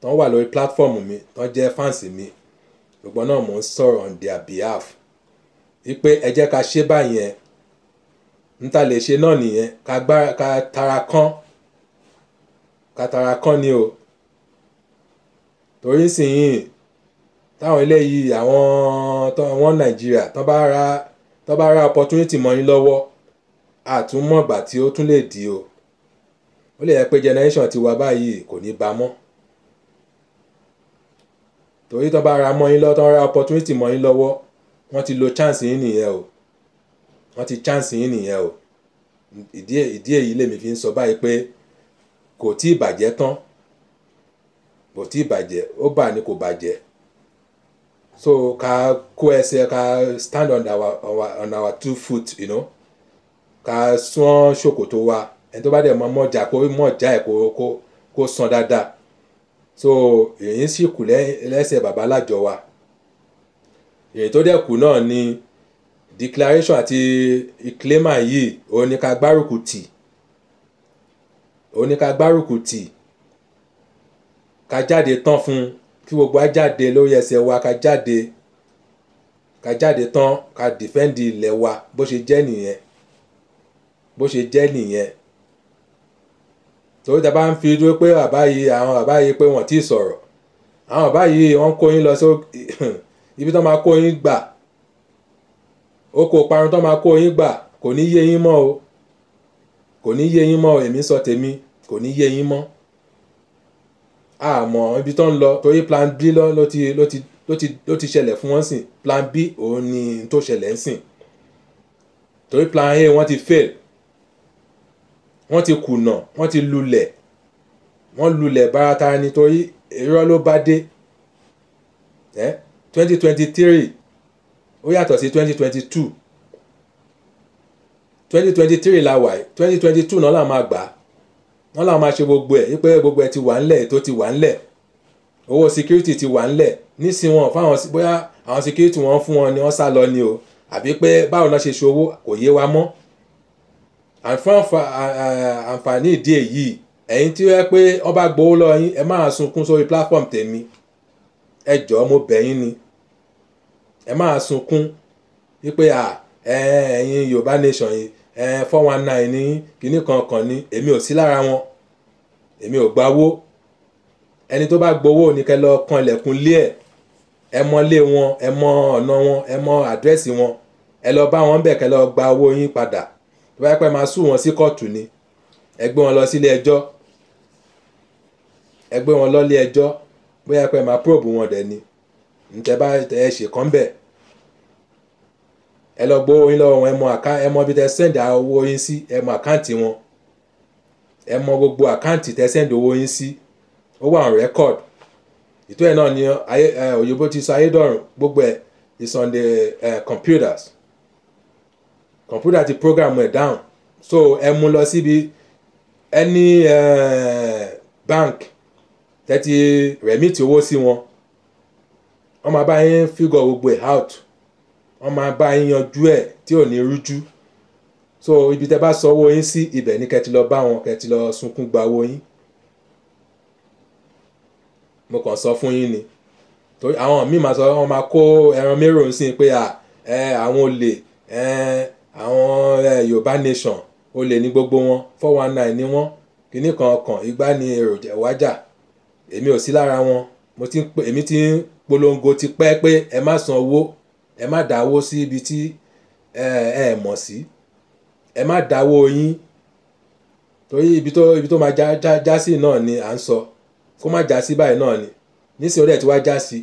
tán wà lórí platform mi tán jẹ́ fans mi gbogbo náà mò ń sọ̀rọ̀ on their behalf wípé ẹ jẹ́ ká ṣe báyẹn ń ta lè ṣe náà nìyẹn ká tara kán ká tara kán ni o torí sìnyìn táwọn eléyìí àwọn wọn nàìjíríà tó bá ra tó bá ra opportunity mọ́ yín lọ́wọ́ àtúmọ̀gbà tí ó tún lè di o ó lè yẹ pé generation ti wá báyìí kò ní bá mọ́ torí tó bá ra mọ́ yín lọ́wọ́ tó ra opportunity mọ́ yín lọ́wọ́ wọ́n ti lo chance yín nìyẹn o wọ́n ti chance yín nìyẹn o ìdí èyí lèmi fi ń sọ báyìí pé kò tí ì bàjẹ́ tán kò tí ì bàjẹ́ ó bà ní kò bàjẹ́ so ká kó ẹsẹ̀ ká stand on our, on our two foot you know? ká sún ṣòkòtò wa ẹni tó bá dẹ̀ mọ mọ̀já kó mọ̀já ẹ̀ kó kó kó san dáadáa so èyí sì kù lẹ́sẹ̀ bàbá lájọ wa èyí tó dẹ̀ kù náà ni declaration àti ìclaimer yìí òun ni ká gbárùkù tì òun ni ká gbárùkù tì ká jáde tán fún kí gbogbo á lórí ẹsẹ̀ wa ká jáde ká jáde tán ká dìfẹ́ǹdì ilẹ̀ wa bó ṣe jẹ́ nìyẹn bó ṣe jẹ́ nìyẹn torí ta bá ń fi dúró pé bàbá yìí àwọn bàbá yìí pé wọ́n ti sọ̀rọ̀ àwọn bàbá yìí wọ́n kó yín lọ sí ibi tó máa kó yín gbà ó kó parun tó máa kó yín gbà kò ní yé yín mọ́ o kò ní yé yín mọ́ o èmi sọ tèmi kò ní yé yín mọ́ àmọ́ ibi tó ń lọ torí plan b ló ti ló ti ló ti ló ti ṣẹlẹ̀ fún wọn sìn plan b òun ni tó ṣẹlẹ̀ ń sìn torí plan a wọ́n ti fail wọ́n ti kùnà wọ́n ti lulẹ̀ wọ́n lulẹ̀ bárata ni torí irọ́ ló bá dé twenty twenty three ó yàtọ̀ sí twenty twenty two twenty twenty three la wà twenty twenty two náà làwọn máa gbà wọn làwọn máa ṣe gbogbo ẹ̀ yí pé gbogbo ẹ̀ ti wà ńlẹ̀ ètò ti wà ńlẹ̀ owó security ti wà ńlẹ̀ nísìn wọn fáwọn bóyá àwọn security wọn fún wọn ni wọ́n sá lọ ni o àbí pé báwo náà ṣe ṣe owó kò yé wa mọ́ àǹfààní ìdí èyí ẹ̀yin tí ó yẹ pé wọ́n gbowó lọ yín ẹ máa sunkún sórí platform tèmi ẹ jọ̀ọ́ mo bẹ̀ ni ẹ máa sunkún wípé à ẹ̀yin yorùbá nation yìí four one nine ní kinní kankan ní èmi ò sí lára wọn èmi ò gbawó ẹni tó bá gbowó ni kẹ́ lọ kan ilẹ̀kùn lé ẹ̀ ẹ mọ lé wọn ẹ mọ ọ̀nà wọn ẹ mọ àdírẹ́sì wọn ẹ lọ bá wọn bẹ̀ kẹ́ lọ gba owó yín padà tó bá yẹ pé máa sùn wọn sí kóòtù ni ẹ gbé wọn lọ sílé ẹjọ́ ẹ gbé wọn lọ lé ẹjọ́ bóyá pé máa probe wọn dẹ̀ ni ntẹ bá tẹ ẹ ṣe kàn bẹ ẹ lọ gbọ́ owó yín lọ́wọ́ wọn ẹ mọ àká ẹ mọ ibi tẹ sẹ́ndì owó yín sí ẹ mọ àkáǹtì wọn ẹ mọ gbogbo àkáǹtì tẹ sẹ́ndì owó yín sí ó wà on record ìtò ẹ̀ náà ni òyìnbó ti sọ ayédọ̀rùn gbogbo ẹ̀ is on the uh, computers computer ti program ẹ̀ down so ẹ mú lọ síbi any bank tẹ́tí remit owó sí wọn wọ́n máa bá yín figure gbogbo ẹ̀ out wọ́n máa bá yín yanjú ẹ̀ tí ò ní rújú so ibi tẹ́ bá sọ owó yín sí ibẹ̀ ni kẹ́ ti lọ bá wọn kẹ́ ti lọ sunkún gba owó yín mo kàn sọ fún yín ni torí àwọn míì máa sọ wọ́n máa kó ẹran mérò ń sìn pé àwọn olè àwọn Yorùbá nation olè ní gbogbo wọn four one nine ni wọ́n kíní kan kan ìgbà ni èròjà wájà èmi ò sí lára wọn mo ti èmi ti ń polongo ti pẹ́ pé ẹ má san owó ẹ má dáwó sí ibi tí ẹ mọ̀ sí ẹ má dáwó yín torí ibi tó ibi tó máa já já já sí náà ni à ń sọ kó má já sí báyìí náà ni nísìnyí ó dẹ̀ ti wá já sí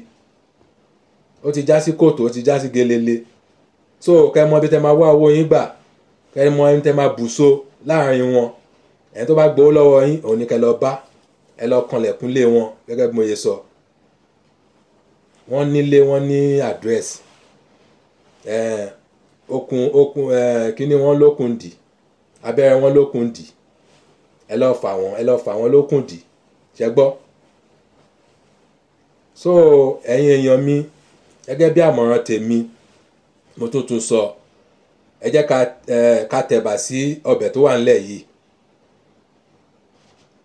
ó ti já sí kòtò ó ti já sí gelele so kẹ́ mọ̀ ibi tẹ́ máa wá owó yín gbà kẹ́ mọ̀ ibi tẹ́ máa bùṣọ láàrin wọn ẹni tó bá gbowó lọ́wọ́ yín òun ni kẹ́ lọ bá ẹ lọ kanlẹ̀kùn lé wọn gẹ́gẹ́ bí mo yẹ sọ. So wọ́n nílé wọ́n ní address. okùn okun kíní wọ́n lókùn dì abẹ́rẹ́ wọ́n lókùn dì ẹ lọ́ọ́ fà wọ́n ẹ lọ́ọ́ fà wọ́n lókùn dì ṣẹ gbọ́. so ẹ̀yin èèyàn mi gẹ́gẹ́ bí àmọ̀ràn tèmi mo tún tún sọ ẹ jẹ́ ká tẹ̀bà sí ọbẹ̀ tó wà ńlẹ̀ yìí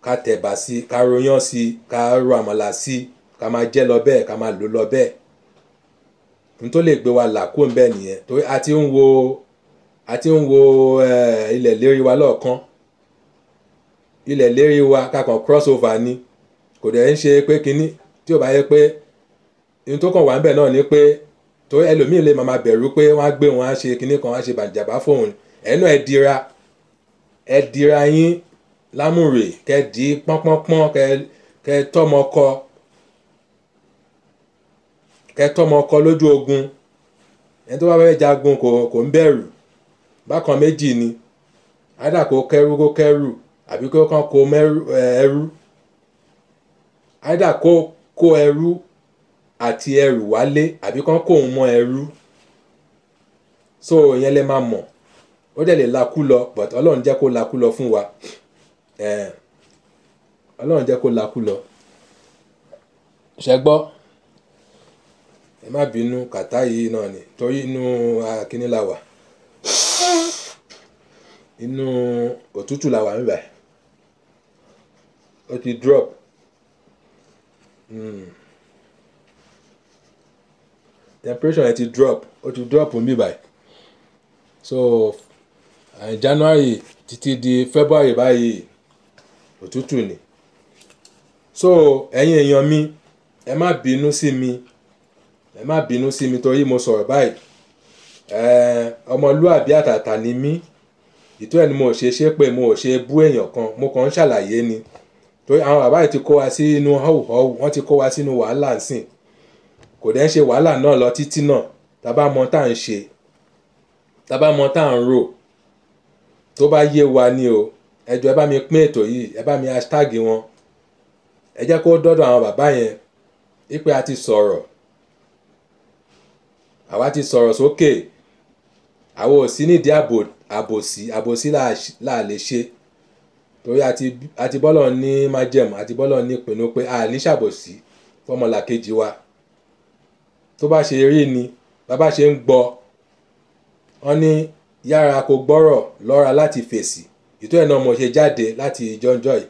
ká tẹ̀bà sí ká ròyàn sí ká ro àmàlà sí. Si ká máa jẹ́ lọ bẹ́ẹ̀ ká máa lò lọ bẹ́ẹ̀ n tó lè gbé wa là kó ń bẹ́ẹ̀ nìyẹn torí a ti ń wo a ti ń wo eh, ilẹ̀ lérí wa lọ́ọ̀kan ilẹ̀ lérí wa kakàn cross over ni kò dẹ̀ ń ṣe pé kinní tí ò bá yẹ pé n tó kàn wá ń bẹ̀ náà ni pé torí ẹlòmíì lè máa bẹ̀rù pé wọ́n á gbé wọn á ṣe kinní kan á ṣe bàjàbá fóun ẹnu ẹ̀ dira yín lámùrè kẹ́ pọ́npọ́npọ́n kẹ́ tọ́mọ kẹtọ́ ọmọ ọkọ lójú ogun ẹni tó bá fẹ́ jagun kò kò ń bẹ̀rù bákan méjì ni ádà kó kẹrù kó kẹrù àbí kó kàn kó ẹrú ádà kó kó ẹrú àti ẹrù wálé àbí kàn kó òun mọ ẹrú so ìyẹn lè máa mọ̀ ó dẹ̀ lè lakú lọ but ọlọ́run jẹ́ kó lakú lọ fún wa ọlọ́run jẹ́ kó lakú lọ ṣẹ́gbọ́n ẹ má bínú kàtá yìí náà ni torí inú akíní la wà inú òtútù la wà níbẹ̀ ó ti drop. Mm. temperature ẹ ti drop ó ti drop mi báyìí so uh, January títí di February báyìí òtútù ni so ẹ̀yin èèyàn mi ẹ má bínú sí mi ẹ má bínú sí mi torí mo sọ̀rọ̀ báyìí ọmọlúàbí àtàtà ni mí ìtú ẹ̀ mo ṣe ṣe pé mo ṣe bú èèyàn kan mo kàn ń ṣàlàyé ni torí àwọn bàbá yìí ti kó wa sínú họ́wùhọ́wù wọ́n ti kó wa sínú wàhálà nsìn kò dẹ́ ń ṣe wàhálà náà lọ títí náà tábà mọ tá à ń ṣe tábà mọ tá à ń rò tó bá yé wa ni o ẹ jọ̀ọ́ ẹ bá mi pín ètò yìí ẹ bá mi hashtag wọn ẹ jẹ́ kó dọ́dọ̀ àwọn bàbá yẹn ipe a ti sọ̀rọ̀ àwa ti sọ̀rọ̀ sókè àwa ò sí nídìí àbòsí àbòsí là lè ṣe torí àti bọ́lọ̀ ní májẹ̀mú àti bọ́lọ̀ ní ìpinnu pé a ní ṣàbòsí fọmọlàkejì wa tó bá ṣe rí ni bàbá ṣe ń gbọ́ wọn ní yára kó gbọ́rọ̀ lọ́ra láti fèsì ìtọ́ ẹ̀ náà mo ṣe jáde láti ìjọ́jọ́ yìí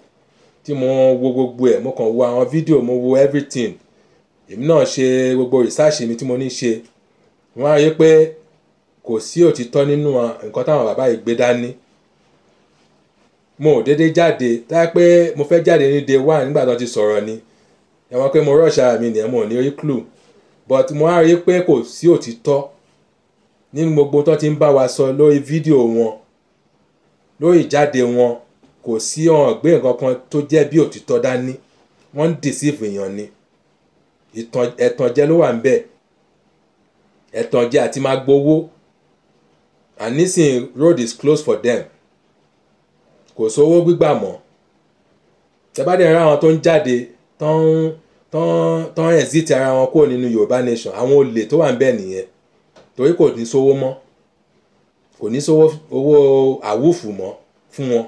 tí mo wo gbogbo ẹ̀ mo kàn wo àwọn fídíò mo wo everything èmi náà ṣe gbogbo rìsáàṣì mi tí mo ní ṣe wọ́n á rí pé kò sí òtítọ́ nínú nǹkan táwọn bàbá yìí gbé dání mo ò déédéé jáde táyà pé mo fẹ́ jáde ní day one nígbà tó ti sọ̀rọ̀ ni ẹ̀wọ̀n pé mo rush ara mi nìyẹn mo ní rí clue but mo á rí pé kò sí òtítọ́ nínú gbogbo tó ti ń bá wa sọ lórí fídíò wọn lórí ìjáde wọn kò sí ọ̀hún gbé nǹkan kan tó jẹ́ bí òtítọ́ dání wọ́n ń deceive èèyàn ni ẹ̀tànjẹ ló wà ń bẹ́ẹ̀ ẹ̀tàn jẹ àti máa gbowó and nisin road is closed for them kò sówó gbígbà mọ́ tẹ́bádẹ́ ra àwọn tó ń jáde tán tán tán exit ara wọn kúrò nínú yorùbá nation àwọn olè tó wà ń bẹ̀ nìyẹn torí kò ní sówó mọ́ kò ní sówó owó àwùfù mọ́ fún wọn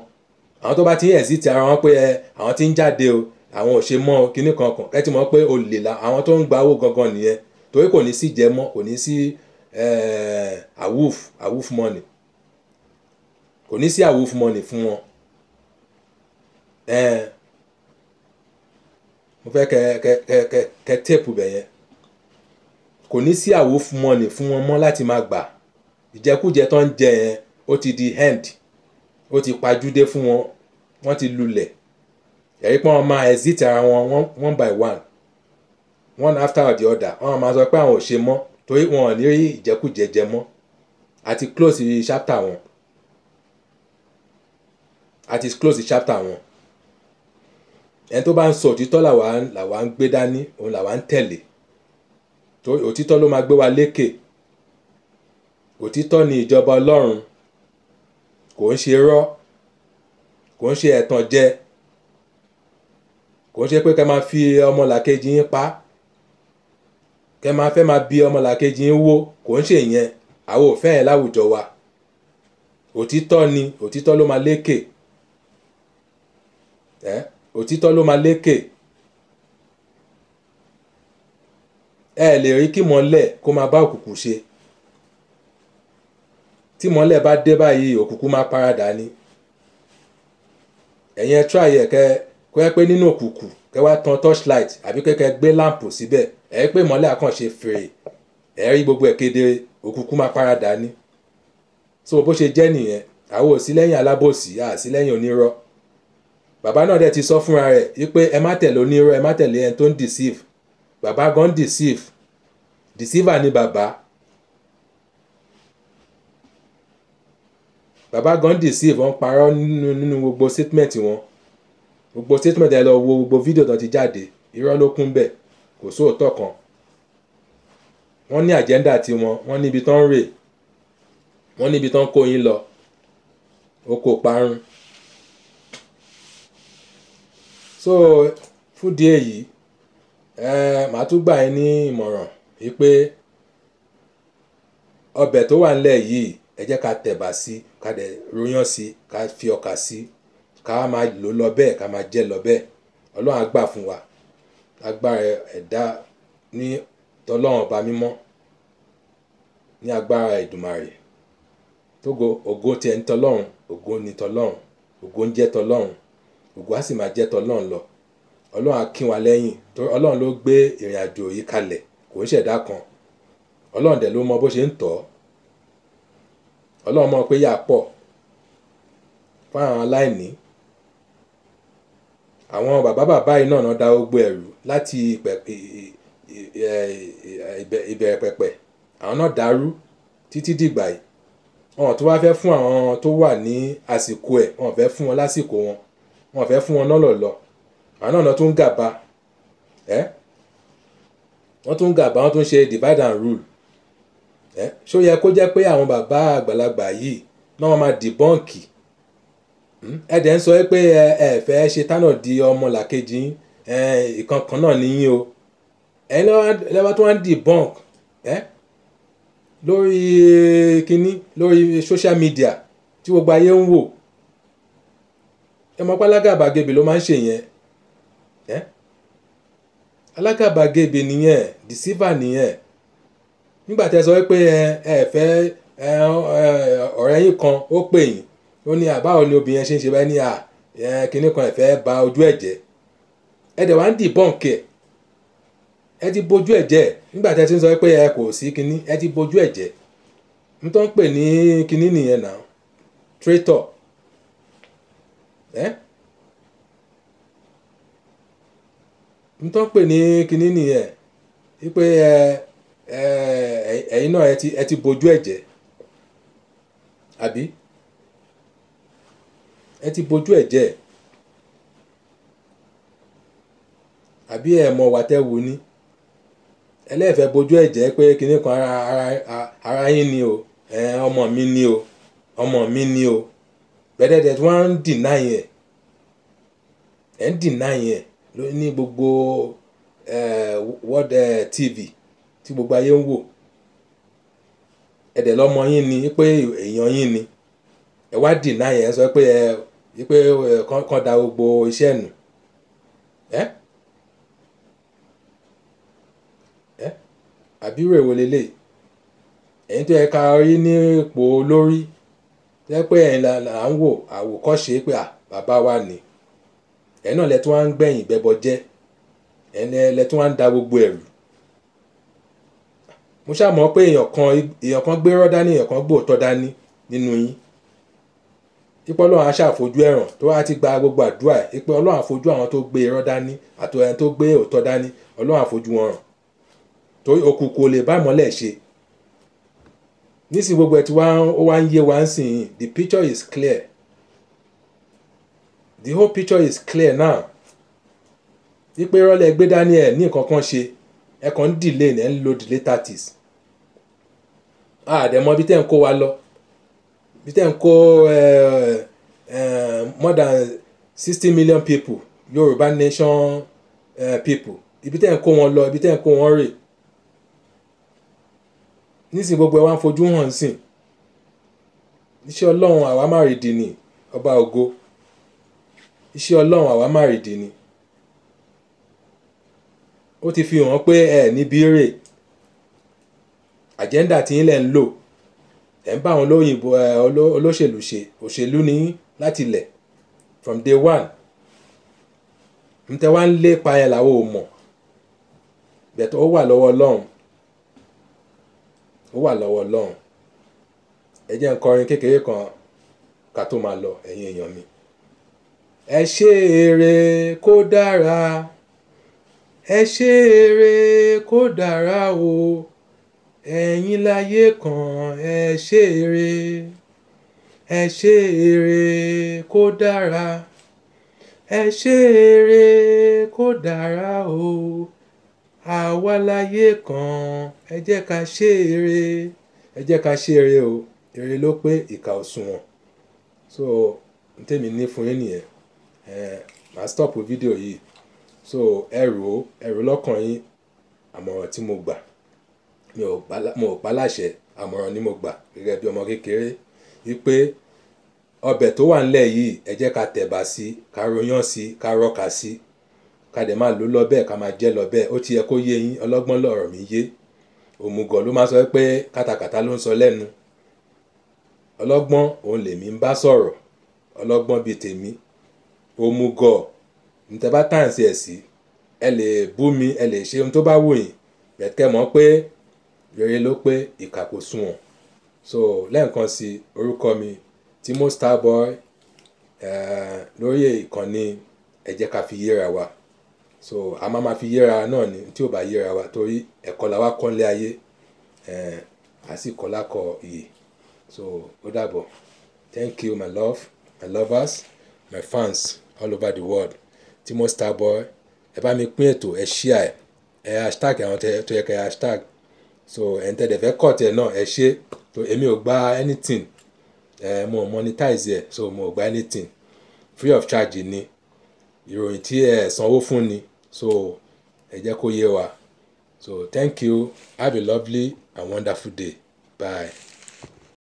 àwọn tó bá ti ń exit ara wọn pé ẹ àwọn ti ń jáde o àwọn ò ṣe mọ́ kinní kankan ẹ ti mọ̀ pé olè la àwọn tó ń gba owó gangan nìyẹn torí kò ní sí jẹmọ́ kò ní sí eh, awoof awoof money kò ní sí awoof money fún wọn eh, mo fẹ́ kẹ kẹ kẹ kẹ tẹ́pù bẹ̀yẹn kò ní sí awoof money fún wọn mọ́ láti máa gbà ìjẹkújẹ tó ń jẹ yẹn ó ti di end ó ti pajúdé fún wọn wọ́n ti lulẹ̀ ẹ̀rí pọ́n máa exit ara wọn one by one one after the other wọ́n máa sọ pé àwọn ò ṣe mọ́ torí wọn ò ní rí ìjẹkújẹ jẹ àti close chapter wọn àti close chapter wọn ẹni tó bá ń sọ òtítọ́ làwa làwa ń gbé dání òun làwa ń tẹ̀lé torí òtítọ́ ló máa gbé wa lékè òtítọ́ ni ìjọba ọlọ́run kò ń ṣe rọ́ kò ń ṣe ẹ̀tàn jẹ kò ń ṣe pé ká máa fi ọmọlàkejì yín pa á kẹ máa fẹ́ máa bí ọmọlàkejì ń wó kò ń ṣèyẹn àwọn ò fẹ́ yẹn láwùjọ wa òtítọ́ ni òtítọ́ ló máa lékè ẹ òtítọ́ ló máa lékè ẹ lè rí kí mọ́lẹ̀ kó máa bá òkùnkùn ṣe tí mọ́lẹ̀ bá dé báyìí òkùnkùn máa paradà ni ẹ̀yin ẹ try ẹ̀ kẹ́ kọ́ ẹ pé nínú òkùnkùn kẹ́ wá tan torchlight àbí kẹ́ kẹ́ gbé láǹpù síbẹ̀ si ẹ pé mọ́lẹ̀ àkànṣe fèrè ẹ rí gbogbo ẹ̀ kedere òkùnkùn máa paradà ni so bó ṣe jẹ́ nìyẹn àwọn òsí lẹ́yìn alábòsí àsí lẹ́yìn onírọ́ bàbá náà dẹ̀ ti sọ fúnra rẹ̀ wípé ẹ má tẹ̀lé onírọ́ ẹ má tẹ̀lé ẹni tó ń deceive bàbá gan deceive deceiver ni bàbá bàbá gan deceive wọ́n parọ́ nínú gbogbo statement wọn gbogbo statement ẹ lọ wo gbogbo fídíò tó ti jáde irọ́ ló kún bẹ́ẹ̀ kò sóòótọ́ kan wọ́n ní àjẹ́ndà tiwọn wọ́n níbi tán ń rè wọ́n níbi tán kó yín lọ ó kó parun so fúdi èyí eh, màá tún gbà yín ní ìmọ̀ràn wípé ọbẹ̀ tó wà nílẹ̀ yìí ẹ jẹ́ ká tẹ̀bà sí ká dẹ̀ ròyàn sí ká fi ọkà sí ká máa lò lọ bẹ́ẹ̀ ká máa jẹ lọ bẹ́ẹ̀ ọlọ́run á gbà fún wa agbára ẹ̀dá ní tọlọ́run ọba mímọ́ ní agbára Èdùmàrè tógo ògo tiẹ̀ ní tọlọ́run ògo ní tọlọ́run ògo ń jẹ́ tọlọ́run ògo á sì máa jẹ́ tọlọ́run lọ ọlọ́run á kí wa lẹ́yìn torí ọlọ́run ló gbé ìrìn àjò yìí kalẹ̀ kò ń ṣẹ̀dá kan ọlọ́run dẹ̀ ló mọ bó ṣe ń tọ́ ọlọ́run mọ̀ pé yà pọ̀ fáwọn aláìní àwọn bàbá bàbá yìí náà da gbogbo ẹ̀rù láti ìbẹ̀rẹ̀ pẹ̀pẹ̀ àwọn náà dàrú títí dìgbà yìí wọn tó wá fẹ́ fún àwọn tó wà ní àsìkò ẹ̀ wọn fẹ́ fún wọn lásìkò wọn wọn fẹ́ fún wọn nọ́lọ̀lọ́ àwọn náà tó ń gàba ẹ́ wọ́n tó ń gàba wọ́n tó ń ṣe divide and rule ẹ́ ṣó yẹ kó jẹ́ pé àwọn bàbá àgbàlagbà yìí náà wọ́n máa dìbọ́ǹkì ẹ dẹ̀ ń sọ pé ẹ fẹ́ ṣe tánà di ọmọ làkejì ìkankan náà níyìn o ẹ̀yin lẹ́wọ́ tó wá ń di lórí kínní lórí social media tí gbogbo ayé ń wò ẹ mọ̀ pé alágàbàgebè ló máa ń ṣe yẹn ẹ alágàbàgebè nìyẹn deceiver nìyẹn nígbà tí ẹ sọ pé ẹ fẹ́ ọ̀rẹ́ yín kan ó pè yín ó ní àbáwọ̀ ni obìnrin ṣe ń ṣe báyìí ní à kínní kan ẹ̀fẹ́ ba ojú eje ẹ dẹ̀ wá ń ẹ ti bojú ẹ̀ nígbà tí ẹ ti ń sọ pé ẹ kò sí kínní ẹ ti bojú ẹ̀ n tó ń pè ní kínní nìyẹn traitor ẹ n tó ń pè ní ẹ ti bojú ẹ̀ jẹ́ àbí ẹ̀ mọ̀ wà tẹ́ wo ara ara ara yín ni o ọmọ mi ni o ọmọ mi ni o bẹ́ẹ̀dẹ́dẹ́ tí wọ́n ń dìnnà yẹn ẹ̀ ń dìnnà yẹn E ní gbogbo world tv tí gbogbo ayé ń wò ẹ̀dẹ̀ lọ́mọ yín ni pé èèyàn yín ni ẹ̀ wá dìnnà yẹn sọ wípé eh, kan da gbogbo iṣẹ́ nù ẹ́ ẹ́ àbírò èwo lélẹ̀ ẹ̀yin tó yẹ ká rí ní ipò olórí tó yẹ pé ẹ̀yin là ń wò àwòkọ́ṣe pé à bàbá wa ni ẹ̀yin náà lẹ tún wá ń gbẹ̀yìn bẹ́bọ jẹ́ ẹ̀yin lẹ tún wá ń da gbogbo ẹ̀rù mo ṣáà mọ̀ pé èèyàn kan gbérọ́ dání èèyàn kan gbòòtọ́ dání nínú yín ipò ọlọ́run á ṣàfojú ẹ̀ràn tó wá ti gba gbogbo àdúrà ipò ọlọ́run àfojú àwọn tó gbé irọ́ dání àti ẹni tó gbé òótọ́ dání ọlọ́run àfojú wọn ràn torí òkùnkùn ò lè bá ìmọ́lẹ̀ ṣe nísìnyí gbogbo ẹ̀ tí ó wá ń yé wa ń sìn yìí the picture is clear the whole picture is clear now wípé rọ́lẹ̀ gbé dání ẹ̀ ní nǹkan kan ṣe ẹ̀ kàn ń delay ẹ̀ ń lo delay tactics àdẹ̀mọ́bí tẹ́ ń kó wa lọ bí tẹ́ ń kó eh, eh, more than sixty million people yorùbá nation uh, people ibi tẹ́ ń kó wọn lọ ibi tẹ́ ń kó wọn rè nísìnyí gbogbo ẹ wá ń fojú hàn sìn iṣẹ́ ọlọ́run àwa má rèdì ni ọba ògo iṣẹ́ ọlọ́run àwa má rèdì ni ó ti fi hàn pé ẹ níbi rè àjẹ́ndà tí yín ń lò ẹ̀ ń bá àwọn olóyìnbó olóṣèlú ṣe òṣèlú ní láti ilẹ̀ from day one ń tẹ́ wá ń lépa yẹn làwọn ò mọ̀ bẹ̀tẹ̀ ó wà lọ́wọ́ ọlọ́run ó wà lọ́wọ́ ọlọ́run ẹ jẹ́ n kọrin kékeré kan ká tó máa lọ ẹ̀yin èèyàn mi. ẹ ṣe eré kó dára ẹ ṣe eré kó dára o. ẹ̀yin láyé kan ẹ ṣe eré ẹ ṣe eré kó dára ẹ ṣe eré kó dára o àwa láyé kan ẹ jẹ́ ká ṣe eré ẹ jẹ́ ká ṣe eré o eré ló pé ìkà òṣùwọ̀n so n tèmi ní fún yín nìyẹn ẹ màá stop fídíò yìí so ẹ rò ó ẹ rò lọ́kàn yín àmọ̀ràn tí mo gbà. mo ò pa láṣẹ àmọ̀ràn ni mo gbà gẹ́gẹ́ bí ọmọ kékeré wípé ọbẹ̀ tó wà ńlẹ̀ yìí ẹ jẹ́ ká tẹ̀bà sí ká royán sí ká rọ́ka sí ká dẹ̀ máa lò lọ bẹ́ẹ̀ ká máa jẹ́ lọ bẹ́ẹ̀ ó ti yẹ kó yé yín ọlọ́gbọ́n lọ̀rọ̀ mi yé òmùgọ̀ ló máa sọ pé kátàkátà ló ń sọ lẹ́nu ọlọ́gbọ́n òun lèmi ń bá sọ̀rọ̀ ọlọ́gbọ́n bíi tèmi òmùgọ̀ nítẹ̀bá ẹ̀ sí ẹ lè bú mi ẹ lè ṣe ohun tó bá wù yín bẹ̀kẹ́ mọ́ pé rere ló pé ìkà kò sunwọ̀n so lẹ́ẹ̀kan sí orúkọ mi Timo Starboy uh, lórí ìkànnì ẹ jẹ́ ká fi yéra wa so a máa ma fi yéra náà ni tí ò bá yéra wa torí ẹ̀kọ́ la wá kọ́lé ayé eh, a sì kọ́ lákọ̀ iye so ó dàbọ̀ thank you my love my lovers my fans all over the world Timo Starboy ẹ bá mi pín ètò ẹ ṣíà ẹ hashtag àwọn tó yẹ ká hashtag so ẹ̀yin tẹ́ dẹ̀ fẹ́ kọ̀ tẹ̀ náà ẹ ṣe so èmi ò gba anything ẹ mo monetize ẹ so mo ò gba anything free of charge ni ìròyìn tí ẹ sanwó fún ni so ẹ jẹ́ kó yé wa so thank you have a lovely and wonderful day bye.